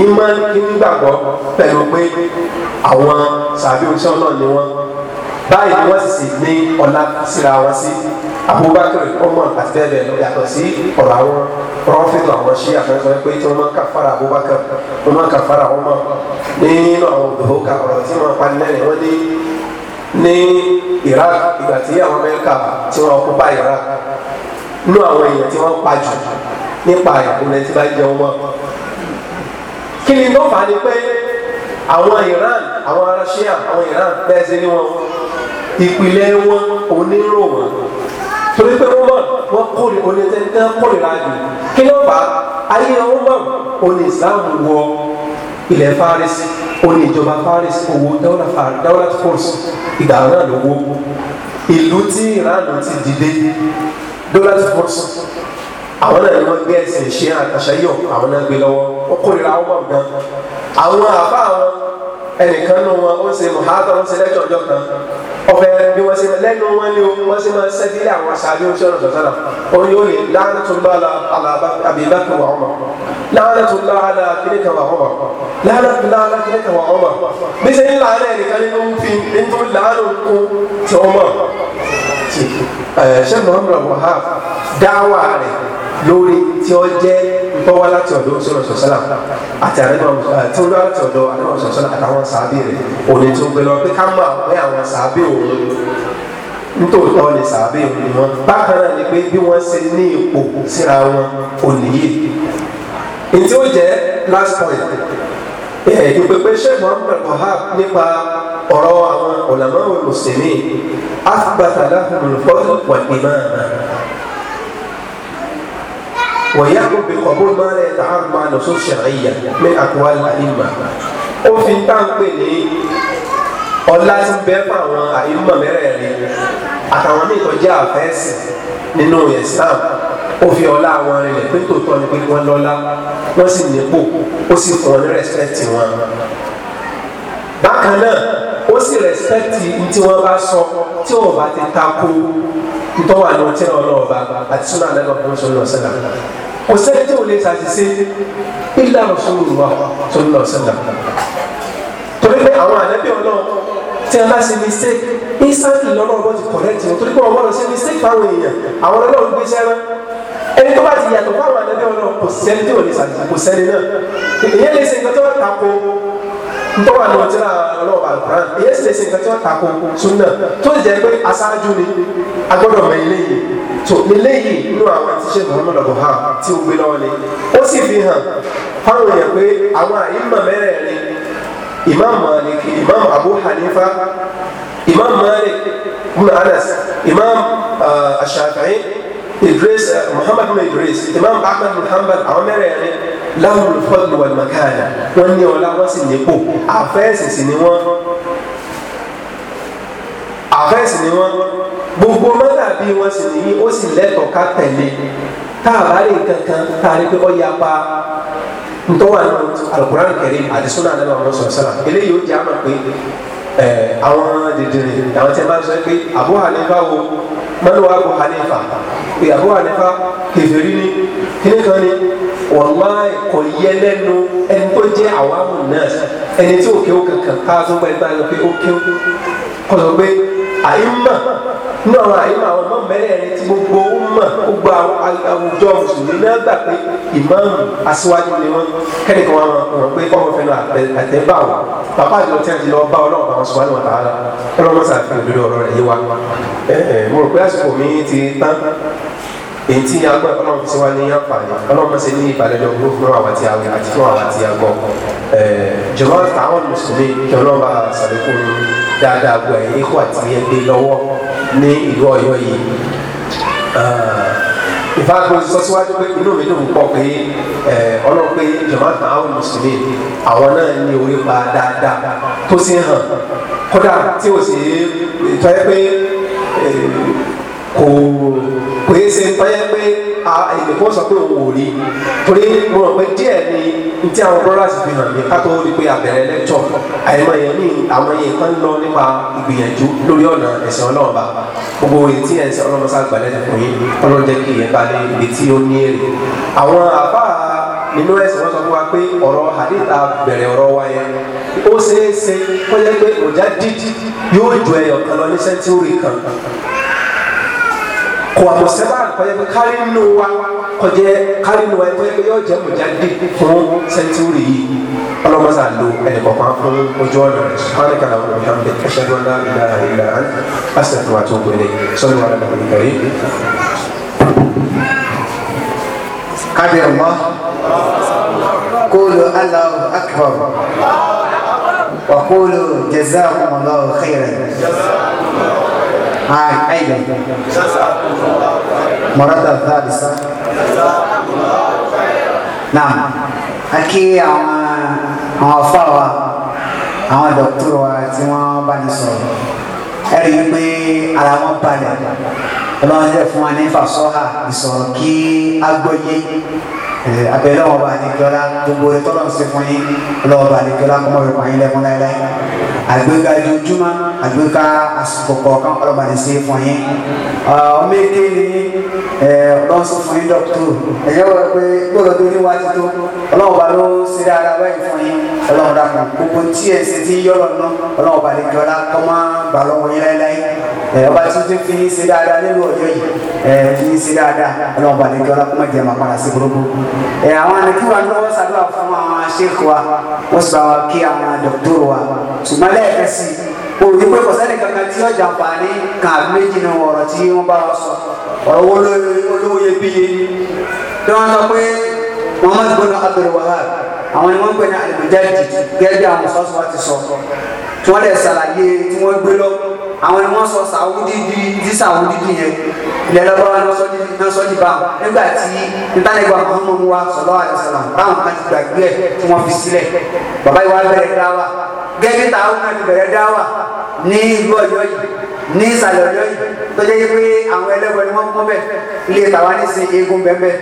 ìmọ̀ nígbàgbọ́ pẹ̀lú pé àwọn sàbí oníṣẹ́ náà ni wọ́n báyìí ni wọ́n sì ní ọ̀la síra wọn sí Abubakar ọmọ àtẹ́lẹ̀ yàtọ̀ sí ọ̀rọ̀ àwọn prọfẹ̀tì àwọn ṣí àfẹ́fẹ́ pé tí wọ́n máa ń kàfàrà Abubakar wọ́n máa ń kàfàrà ọmọ nínú àwọn òdòdó ka ọ̀rọ̀ tí wọ́n pa nílẹ̀ wọ́n ní ní Iraq ìgbà tí àwọn Amẹ́ríkà tí wọ́n kó bá Iraq nínú àwọn èèyàn tí wọ́n pa jù nípa ìkúnlẹ̀ tí bá jẹun mọ́ kí ni ló fà á ni pé àwọn Iran àwọn Russia àwọn Iran bẹ́ẹ̀ sí ni wọn ìpìlẹ̀ wọn onírò wọn torí pé wọ́n mọ̀ wọ́n kórè onítẹ̀ntẹ́ kórìíra jù kí ló fà á ayé wọn mọ̀ oní Islam wọ ilẹ̀ Faris oní ìjọba Faris owó daulat force ìgbà náà ló wó ìlú tí Iran ti dìde daulat force àwọn náà ni wọ́n gbé ẹ̀sìn ṣe àtàṣẹ́yọ̀ àwọn náà gbé lọ́wọ́ wọ́n kórìíra àwọn mọ̀ gan àwọn àbá àwọn ẹnìkan nù wọn ó ṣe mọ̀hátà wọn ṣe lẹ́tọ̀ ọjọ́ kan ọ̀fẹ́ bí wọ́n ṣe lẹ́nu wọn ni wọ́n ṣe máa ṣẹ́dílé àwọn aṣáájú oṣù ọ̀nà tọ̀tọ̀ náà òun yóò lè láàánú tó bá la àbíbá kan wà ọmọ láàánú tó bá la kíní kan wà ọmọ láàánú tó kíní kan wà ọmọ bí ní láàánú ẹnìkan nínú fi nínú láàánú kú tí ọmọ ṣe Muhammad Wahab dáwà rẹ̀ lórí tí ó jẹ́ bọ́wá láti ọ̀dọ̀ sọ̀rọ̀ sọ̀sọ́là àti àrẹ́gbọ̀n tí ó lọ láti ọ̀dọ̀ àrẹ́gbọ̀n sọ̀sọ́là àtàwọn sàábì rẹ̀ òní tó gbé lọ pé ká mọ̀ pé àwọn sàábì òun nítòótọ́ ni sàábì òun wọn bákan náà ni pé bí wọ́n ṣe ní ipò síra wọn òní yìí ntí ó jẹ́ last point ìpèpè sẹ́gun abdulkahab nípa ọ̀rọ̀ àwọn ọ̀làmọ́ olùsèmí afgbàtàlá olùfọ́ wà ìmáàmà ويحكم بقبول ما لا يتعارض مع النصوص الشرعية من أقوال الأئمة وفي تنقل ọlá tí ń bẹ fún àwọn àìmọ̀ mẹ́rẹ̀ẹ̀rin àtàwọn míì tó jẹ́ àfẹ́sì nínú Islam ó fi ọlá àwọn rẹ̀ pé tòótọ́ ni pé wọ́n lọ́lá wọ́n sì nípò ó sì fún ọ ní rẹ́spẹ́tì wọn. bákan náà ó sì rẹ́spẹ́tì tí wọ́n bá sọ tí wọ́n bá ti takò ntọ́wọ́ àná tí náà náà bá àti súnà àdàgbà fún sọlọ sẹlẹ kò sẹ́ni tí o lè ṣàṣìṣe ilé àròsọ̀rọ̀ wa sọlọ sẹlẹ torí pé àwọn ànábì ọlọ́run tí a bá ṣe mistake instantly lọ́nà ọgbọ́n ti correct wọn torí pé ọgbọ́n lọ ṣe mistake fáwọn èèyàn àwọn ọlọ́run gbé sẹ́rẹ́ ẹni tó bá ti yàtọ̀ fáwọn ànábì ọlọ́run kò sẹ́ni tí ò lè ṣàṣìṣe kò sẹ́ni náà èèyàn lè ṣe nǹkan tó wà tako ntọ́wà ni wọ́n ti ra ọlọ́ọ̀bà alukuran èyí sì lè ṣe nǹkan tí wọ́n tako sunna tó ti jẹ́ pé aṣáájú ni a gbọ́dọ̀ mọ eléyìí tó eléyìí inú àwọn àti ṣe muhammadu abuha tí ó gbé lọ́wọ́ ni ó sì fi hàn fáwọn èèyàn pé àwọn àyínmọ̀ mẹ́rẹ̀ẹ̀rin imam malik imam abu hanifa imam malik ibn anas imam ashafi'i uh, idris uh, muhammad ibn idris imam ahmed muhammad àwọn mẹ́rẹ̀ẹ̀rin lahul fadlu wal makana wọ́n ní ọlá wọ́n sì nípò àfẹ́ẹ̀sì sì ni wọ́n àfẹ́ẹ̀sì ni wọ́n gbogbo mọ́tà bí wọ́n sì nìyí ó sì lẹ́tọ̀ọ́ ká tẹ̀lé tá a bá lè kankan tá a lè pé ọ̀ya pa ntọ́wà náà alukuran karim àti sunna àdàbà wọn sọ̀rọ̀ sọ̀rọ̀ eléyìí ó jẹ́ àmà pé àwọn dìdìrì àwọn tí a bá sọ pé Abu Hanifa wo mẹ́lẹ̀ wà Abu Hanifa pé Abu Hanifa kèfèrí ni kíni kan ni wàláì kò yẹ lẹ́nu ẹni tó jẹ́ àwàmù náà ẹni tí òkè òkè kan ká tó gbẹ gbà lọ pé òkè kọ̀sọ̀ pé àyímà nínú àwọn àyímà àwọn ọmọ mẹ́rẹ̀ẹ̀rin tí gbogbo ó mọ̀ gbogbo àwùjọ mùsùlùmí náà gbà pé ìmáàmù aṣíwájú ni wọ́n kẹ́nìkan wọn wọn pé ọmọ fẹ́ náà àtẹ̀bá wọn bàbá àjọ tí a ti lọ bá ọlọ́run bá wọn sọ wọn ní wọn tààlà ọlọ́run mọ̀ sàfihàn òdodo ọ̀rọ̀ rẹ̀ yé wa mo rò pé àsìkò mi ti tán èyí tí agbọ́ ọlọ́run fi wá ní àǹfààní ọlọ́run ṣe ní ìbàdàjọ gbogbo fún àwọn àti àwọn àti fún àwọn àti àgbọ̀ jọ̀wọ́ Eh, ìfáàgbọ́n sọ síwájú pé inú mi dùn pọ̀ pé eh, ọlọ́run pé jamaat àwọn mùsùlùmí àwọn náà ní orí pa dáadáa tó sì hàn kódà tí ò sí tọ́ pé. ẹnìkan kan sọ pé òun ò rí torí mo rò pé díẹ̀ ni n tí àwọn brothers fi hàn mí ká tó rí pé àbẹ̀rẹ̀ lẹ́tọ̀ àìmọ̀ yẹn ní àwọn yẹn kan lọ nípa ìgbìyànjú lórí ọ̀nà ẹ̀sìn ọlọ́run bá gbogbo etí ẹ̀sìn ọlọ́run sá gbàlẹ́ fún yín ọlọ́run jẹ́ kí ìyẹn bá lé ibi tí ó ní èrè àwọn àbá nínú ẹ̀sìn wọn sọ fún wa pé ọ̀rọ̀ àdìta bẹ̀rẹ̀ ọ̀rọ̀ wa yẹn ó ṣeé ṣe kó pé òjá dídí yóò jọ ẹyọ kan lọ ní sẹ́ńtúrì kan kò àbọ̀sẹ́ bá kọjá pé kárí nínú wa kọjá kárí nínú wa ẹ̀ tọ́jú pé yóò jẹ́ mùjáde fún sẹ́ńtúrì yìí ọlọ́mọsá lo ẹnì kọ̀ọ̀kan fún ojú ọ̀nà sùpánì kan àwọn ọ̀nà ìhàmdè ẹ̀ṣẹ̀dún ọ̀nà ìlà ìlà àn àṣẹ̀tún àti ogun ilé sọ́dún wà lọ́dún Allahu akbar wa kóòlù jazakumullahu khairan. هاي أيضا مرة الثالثة نعم أكي àwọn afá wa àwọn dọ̀kítọ̀ wa tí wọ́n bá ní sọ̀rọ̀ ẹ rí i pé ara wọn balẹ̀ ọlọ́run jẹ́ fún Eh, abẹ́lẹ́ wọn bá nìkọ́lá gbogbo rẹ tọ́lọ̀ ń ṣe fún yín lọ́wọ́ bá nìkọ́lá kọ́mọ́ rẹ pààyàn lẹ́kún láéláé àgbéga ojoojúmọ́ àgbéga àsìkò kọ̀ọ̀kan ọlọ́ba ní ṣe fún yín ah, ọmọ èké ni ọlọ́run sì fún yín dọ́kítọ̀ ẹ̀yẹ́ wọ̀ pé gbọ́dọ̀ tó níwá ti tó ọlọ́run bá ló ṣe dáadáa báyìí fún yín ọlọ́run dàpọ̀ gbogbo tí ẹ̀ ṣe ti yọ̀ lọ́nà ọlọ́run bá lè jọlá kọ́ má bà lọ́wọ́ yín láéláé ọba tí tí fi yín ṣe dáadáa nínú ọjọ́ yìí fi yín ṣe dáadáa ọlọ́run bá lè jọlá kọ́ má jẹ́ máa padà sí burúkú. àwọn àníkíwà ní wọ́n ṣàdúrà fún àwọn aṣèkò wa wọ́n sọ àwọn kí àwọn dọ́kítọ̀ wa ṣùgbọ́n lẹ́ẹ̀kẹ́ sí i òwúrọ̀ pé kọ̀sẹ́nì ọ̀rọ̀ wo olówó yẹ bí yé dọ́wọ́n sọ pé muhammad bin abdul wahab àwọn ni wọ́n ń pè ní alimujahid gẹ́gẹ́ bí àwọn sọ́sọ́ ti sọ tí wọ́n lè ṣàlàyé tí wọ́n gbé lọ àwọn ni wọ́n sọ sàwùdí di di sàwùdí di yẹn ilẹ̀ lọ́wọ́ náà sọ di báwọn nígbà tí ntàlẹ́gbà muhammad wa sọlọ́ àdìsọ́lá báwọn kan ti gbàgbé ẹ̀ tí wọ́n fi sílẹ̀ bàbá ìwà bẹ̀rẹ̀ dáwà gẹ́gẹ́ táwọn náà ti bẹ̀rẹ̀ dáwà ní ìlú ọ̀yọ́ yìí ní ìsàlẹ̀ ọjọ́ yìí tó jẹ́ pé àwọn ẹlẹ́gbẹ̀ẹ́ ni wọ́n kún bẹ̀ ilé tàwa ní sin eegun bẹ́ẹ̀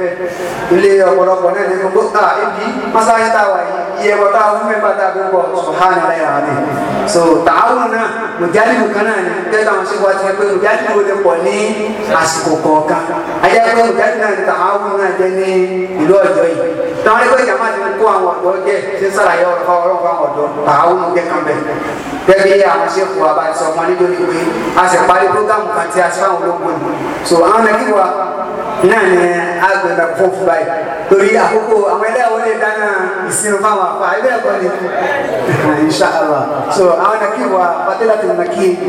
ilé ọ̀pọ̀lọpọ̀ náà ní gbogbo à ebi mọ́sáájú tá a wà yìí iye ẹ̀kọ́ tá mẹ́fà tá a fi bọ̀ subhanahu alayhi wa rahmi so tààrùn náà mùjálìmù kan náà ní tẹ́tà wọn ṣíwá ti pé mùjálìmù ò lè pọ̀ ní àsìkò kọ̀ọ̀kan ajá pé mùjálìmù náà ní tààrùn náà jẹ́ ní ìlú ọ̀jọ́ yìí táwọn ẹgbẹ́ ìjàmbá ti kó àwọn ọ̀dọ́ jẹ́ sí sàlàyé ọ̀rọ̀ ọ̀rọ̀ àwọn ọ̀dọ́ tààrùn jẹ́ kan bẹ́ẹ̀. gẹ́gẹ́ bí àwọn ṣe kó àbá ti sọ fún wa a sì parí programu kan tí a ti fáwọn ológun ni so àwọn nàìjíríà wa náà ni agbẹ̀mẹ̀ fún fún báyìí torí àkókò àwọn ẹlẹ́wọ̀ lè dáná ìsinmi fáwọn àfa ẹgbẹ́ ẹ̀kọ́ ni inṣàlá so àwọn nàìjíríà wa pàtẹ́lá ti nàìjíríà